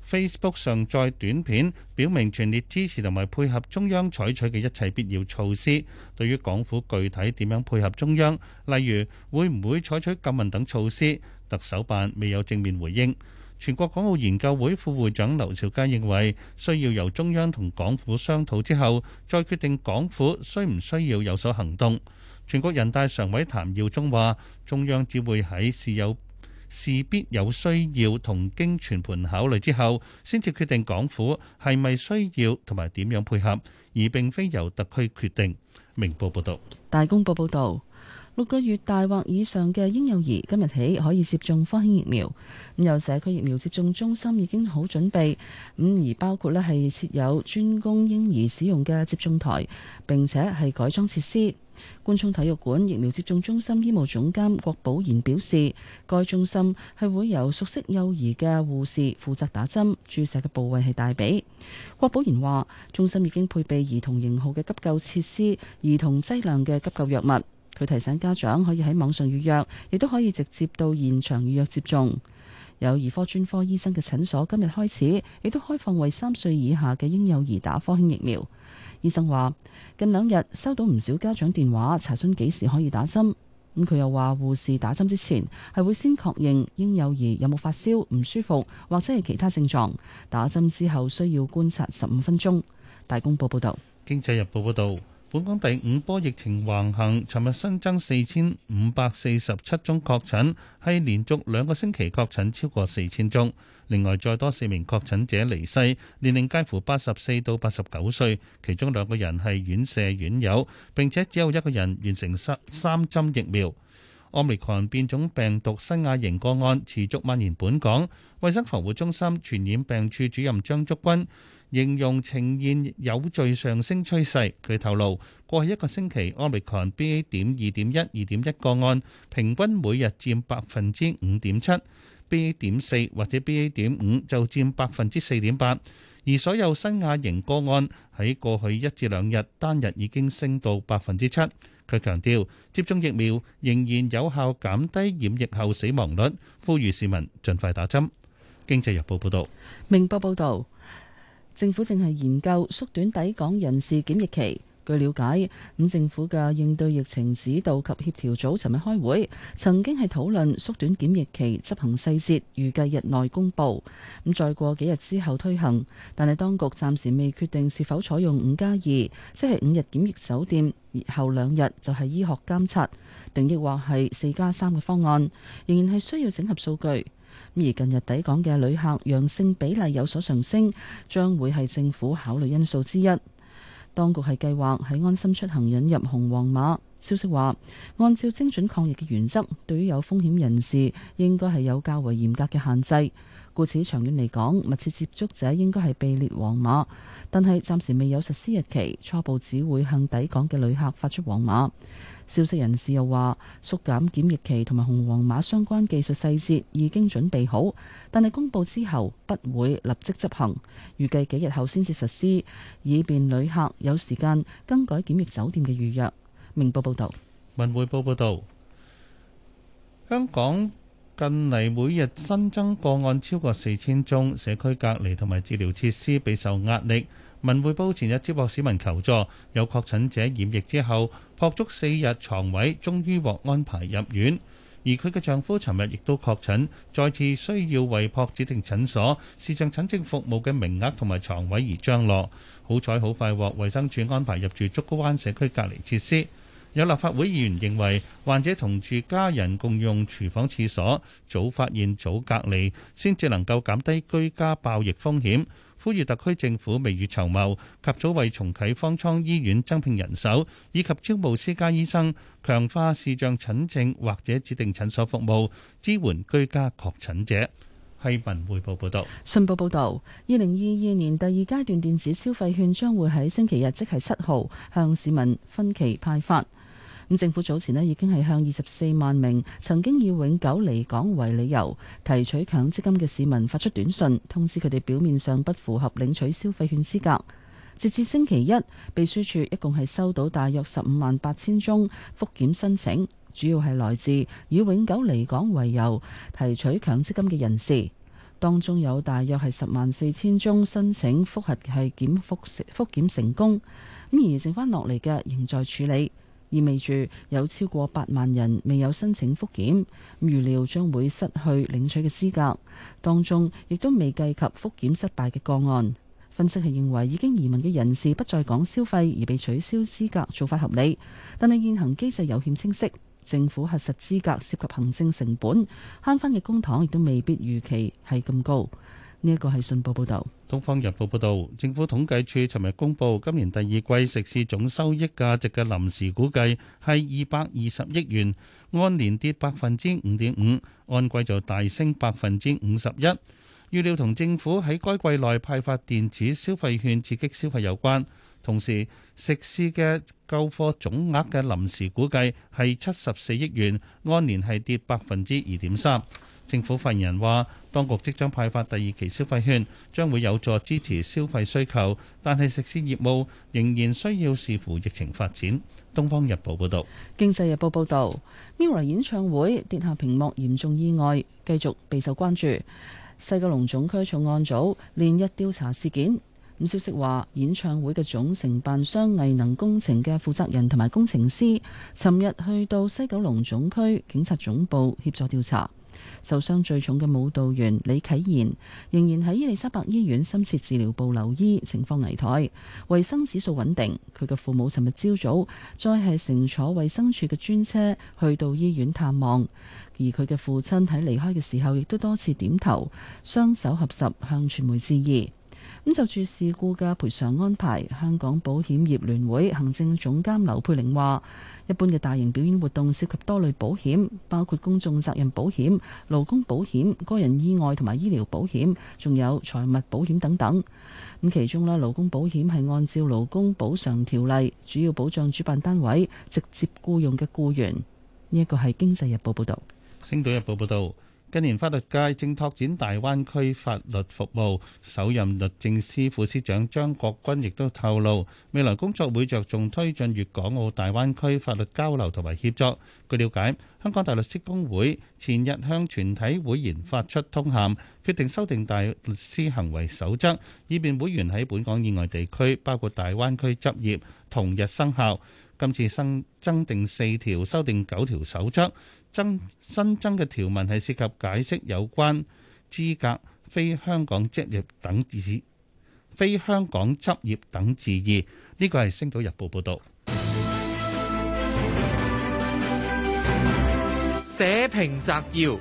Facebook 上載短片，表明全力支持同埋配合中央採取嘅一切必要措施。對於港府具體點樣配合中央，例如會唔會採取禁運等措施，特首辦未有正面回應。全國港澳研究會副會長劉兆佳認為，需要由中央同港府商討之後，再決定港府需唔需要有所行動。全國人大常委譚耀宗話：中央只會喺事有、事必有需要同經全盤考慮之後，先至決定港府係咪需要同埋點樣配合，而並非由特區決定。明報報道。大公報報道。六個月大或以上嘅嬰幼兒今日起可以接種科興疫苗。咁由社區疫苗接種中心已經好準備咁，而包括咧係設有專供嬰兒使用嘅接種台，並且係改裝設施。觀眾體育館疫苗接種中心醫務總監郭寶賢表示，該中心係會由熟悉幼兒嘅護士負責打針，注射嘅部位係大髀。郭寶賢話，中心已經配備兒童型號嘅急救設施、兒童劑量嘅急救藥物。佢提醒家長可以喺網上預約，亦都可以直接到現場預約接種。有兒科專科醫生嘅診所今日開始，亦都開放為三歲以下嘅嬰幼兒打科興疫苗。醫生話，近兩日收到唔少家長電話查詢幾時可以打針。咁，嗯，佢又話，護士打針之前係會先確認嬰幼兒有冇發燒、唔舒服或者係其他症狀。打針之後需要觀察十五分鐘。大公報報道。《經濟日報》報道。本港第五波疫情橫行，尋日新增四千五百四十七宗確診，係連續兩個星期確診超過四千宗。另外，再多四名確診者離世，年齡介乎八十四到八十九歲，其中兩個人係院舍院友，並且只有一個人完成三三針疫苗。奧密克戎變種病毒新亞型個案持續蔓延本港，衛生防護中心傳染病處主任張竹君。形容呈現有序上升趨勢。佢透露，過去一個星期，OmicronBA 點二點一、二點一個案，平均每日佔百分之五點七；BA 點四或者 BA 點五就佔百分之四點八。而所有新亞型個案喺過去一至兩日單日已經升到百分之七。佢強調，接種疫苗仍然有效減低染疫後死亡率，呼籲市民盡快打針。經濟日報報導，明報報導。政府正係研究縮短抵港人士檢疫期。據了解，咁政府嘅應對疫情指導及協調組尋日開會，曾經係討論縮短檢疫期執行細節，預計日內公佈。咁再過幾日之後推行，但係當局暫時未決定是否採用五加二，2，即係五日檢疫酒店，後兩日就係醫學監察，定抑或係四加三嘅方案，仍然係需要整合數據。而近日抵港嘅旅客陽性比例有所上升，將會係政府考慮因素之一。當局係計劃喺安心出行引入紅黃碼。消息話，按照精準抗疫嘅原則，對於有風險人士，應該係有較為嚴格嘅限制。故此，長遠嚟講，密切接觸者應該係被列黃碼，但係暫時未有實施日期，初步只會向抵港嘅旅客發出黃碼。消息人士又話，縮減檢疫期同埋紅黃碼相關技術細節已經準備好，但係公布之後不會立即執行，預計幾日後先至實施，以便旅客有時間更改檢疫酒店嘅預約。明報報道，文匯報報道，香港。近嚟每日新增個案超過四千宗，社區隔離同埋治療設施備受壓力。文匯報前日接獲市民求助，有確診者染疫之後，撲足四日床位，終於獲安排入院。而佢嘅丈夫尋日亦都確診，再次需要為撲指定診所、視像診症服務嘅名額同埋床位而張羅。好彩好快獲衛生署安排入住竹篙灣社區隔離設施。有立法會議員認為，患者同住家人共用廚房、廁所，早發現、早隔離，先至能夠減低居家爆疫風險。呼籲特區政府未雨綢繆，及早為重啟方艙醫院增聘人手，以及招募私家醫生，強化視像診症或者指定診所服務，支援居家確診者。係文匯報報道。信報報道，二零二二年第二階段電子消費券將會喺星期日，即係七號，向市民分期派發。咁政府早前呢，已經係向二十四萬名曾經以永久離港為理由提取強積金嘅市民發出短信通知佢哋，表面上不符合領取消費券資格。截至星期一，秘書處一共係收到大約十五萬八千宗復檢申請，主要係來自以永久離港為由提取強積金嘅人士。當中有大約係十萬四千宗申請複核係檢復復檢成功，咁而剩翻落嚟嘅仍在處理。意味住有超過八萬人未有申請復檢，預料將會失去領取嘅資格。當中亦都未計及復檢失敗嘅個案。分析係認為，已經移民嘅人士不在港消費而被取消資格，做法合理。但係現行機制有欠清晰，政府核實資格涉及行政成本，慳翻嘅公帑亦都未必預期係咁高。呢一個係信報報導，《東方日報》報導，政府統計處尋日公佈今年第二季食肆總收益價值嘅臨時估計係二百二十億元，按年跌百分之五點五，按季就大升百分之五十一。預料同政府喺該季內派發電子消費券刺激消費有關。同時，食肆嘅購貨總額嘅臨時估計係七十四億元，按年係跌百分之二點三。政府發言人話，當局即將派發第二期消費券，將會有助支持消費需求。但係食肆業務仍然需要視乎疫情發展。《東方日報,報導》報道，《經濟日報,報導》報道，Mirror 演唱會跌下屏幕嚴重意外，繼續備受關注。西九龍總區重案組連日調查事件。五消息話，演唱會嘅總承辦商藝能工程嘅負責人同埋工程師，尋日去到西九龍總區警察總部協助調查。受傷最重嘅舞蹈員李啟賢仍然喺伊利沙伯醫院深切治療部留醫，情況危殆。衛生指數穩定，佢嘅父母尋日朝早再係乘坐衛生署嘅專車去到醫院探望，而佢嘅父親喺離開嘅時候亦都多次點頭，雙手合十向傳媒致意。咁就住事故嘅賠償安排，香港保險業聯會行政總監劉佩玲話。一般嘅大型表演活動涉及多類保險，包括公眾責任保險、勞工保險、個人意外同埋醫療保險，仲有財物保險等等。咁其中呢，勞工保險係按照勞工補償條例，主要保障主辦單位直接僱用嘅僱員呢一個係經濟日報報道。星島日報報導。近年法律界正拓展大灣區法律服務，首任律政司副司長張國軍亦都透露，未來工作會着重推進粵港澳大灣區法律交流同埋協作。據瞭解，香港大律師公會前日向全體會員發出通函，決定修訂大律師行為守則，以便會員喺本港以外地區，包括大灣區執業，同日生效。今次新增訂四條，修訂九條守則。增新增嘅條文係涉及解釋有關資格、非香港職業等字詞，非香港執業等字義，呢、這個係《星島日報》報道。社評摘要：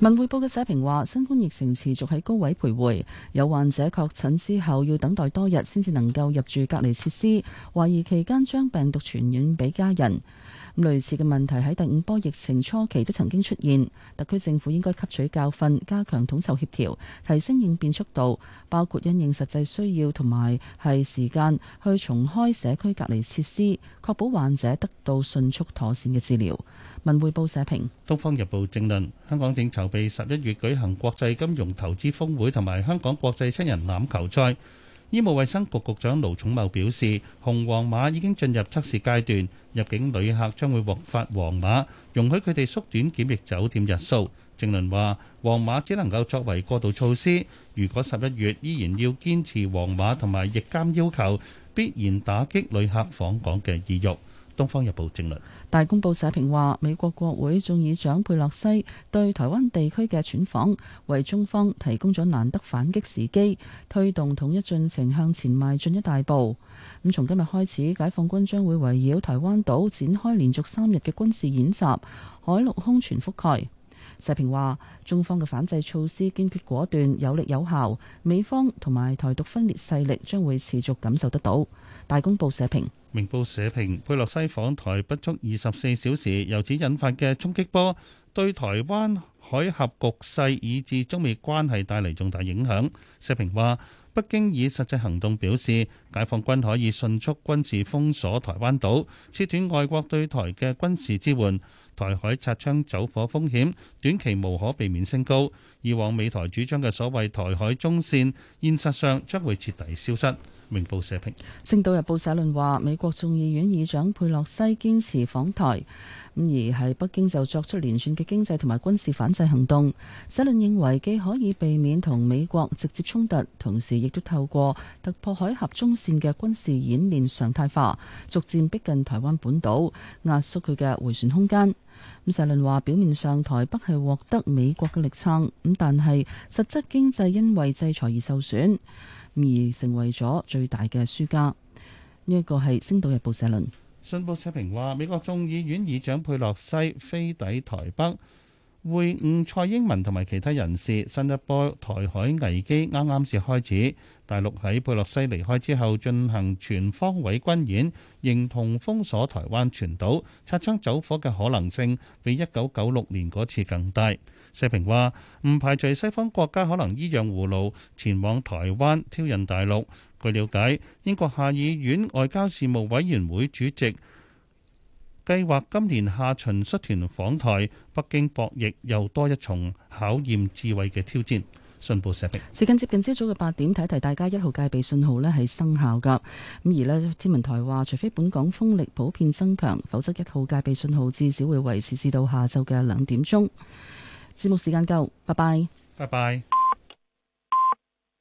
文匯報嘅社評話，新冠疫情持續喺高位徘徊，有患者確診之後要等待多日先至能夠入住隔離設施，懷疑期間將病毒傳染俾家人。類似嘅問題喺第五波疫情初期都曾經出現，特區政府應該吸取教訓，加強統籌協調，提升應變速度，包括因應實際需要同埋係時間去重開社區隔離設施，確保患者得到迅速妥善嘅治療。文匯報社評，《東方日報》政論：香港正籌備十一月舉行國際金融投資峰會同埋香港國際七人欖球賽。醫務衛生局局長盧寵茂表示，紅黃碼已經進入測試階段，入境旅客將會獲發黃碼，容許佢哋縮短檢疫酒店日數。鄭淪話，黃碼只能夠作為過渡措施，如果十一月依然要堅持黃碼同埋疫監要求，必然打擊旅客訪港嘅意欲。《東方日報》政大公報社評話，美國國會眾議長佩洛西對台灣地區嘅竄訪，為中方提供咗難得反擊時機，推動統一進程向前邁進一大步。咁從今日開始，解放軍將會圍繞台灣島展開連續三日嘅軍事演習，海陸空全覆蓋。社評話，中方嘅反制措施堅決果斷、有力有效，美方同埋台獨分裂勢力將會持續感受得到。大公報社評。明報社評，佩洛西訪台不足二十四小時，由此引發嘅衝擊波，對台灣海峽局勢以至中美關係帶嚟重大影響。社評話：北京以實際行動表示，解放軍可以迅速軍事封鎖台灣島，切斷外國對台嘅軍事支援。台海擦槍走火風險短期無可避免升高，以往美台主張嘅所謂台海中線，現實上將會徹底消失。明報社評，《星島日報》社論話：美國眾議院議長佩洛西堅持訪台。咁而喺北京就作出連串嘅經濟同埋軍事反制行動。社論認為既可以避免同美國直接衝突，同時亦都透過突破海峽中線嘅軍事演練常態化，逐漸逼近台灣本島，壓縮佢嘅回旋空間。咁社論話表面上台北係獲得美國嘅力撐，咁但係實質經濟因為制裁而受損，而成為咗最大嘅輸家。呢一個係《星島日報》社論。信報社評話，美國眾議院議長佩洛西飛抵台北會晤蔡英文同埋其他人士。新一波台海危機啱啱是開始，大陸喺佩洛西離開之後進行全方位軍演，形同封鎖台灣全島，擦槍走火嘅可能性比一九九六年嗰次更大。社評話唔排除西方國家可能依樣葫蘆前往台灣挑釁大陸。據了解，英國下議院外交事務委員會主席計劃今年下旬率團訪台，北京博弈又多一重考驗智慧嘅挑戰。信報社評時間接近朝早嘅八點，提提大家一號戒備信號咧係生效噶。咁而咧天文台話，除非本港風力普遍增強，否則一號戒備信號至少會維持至到下晝嘅兩點鐘。節目時間夠，拜拜，拜拜。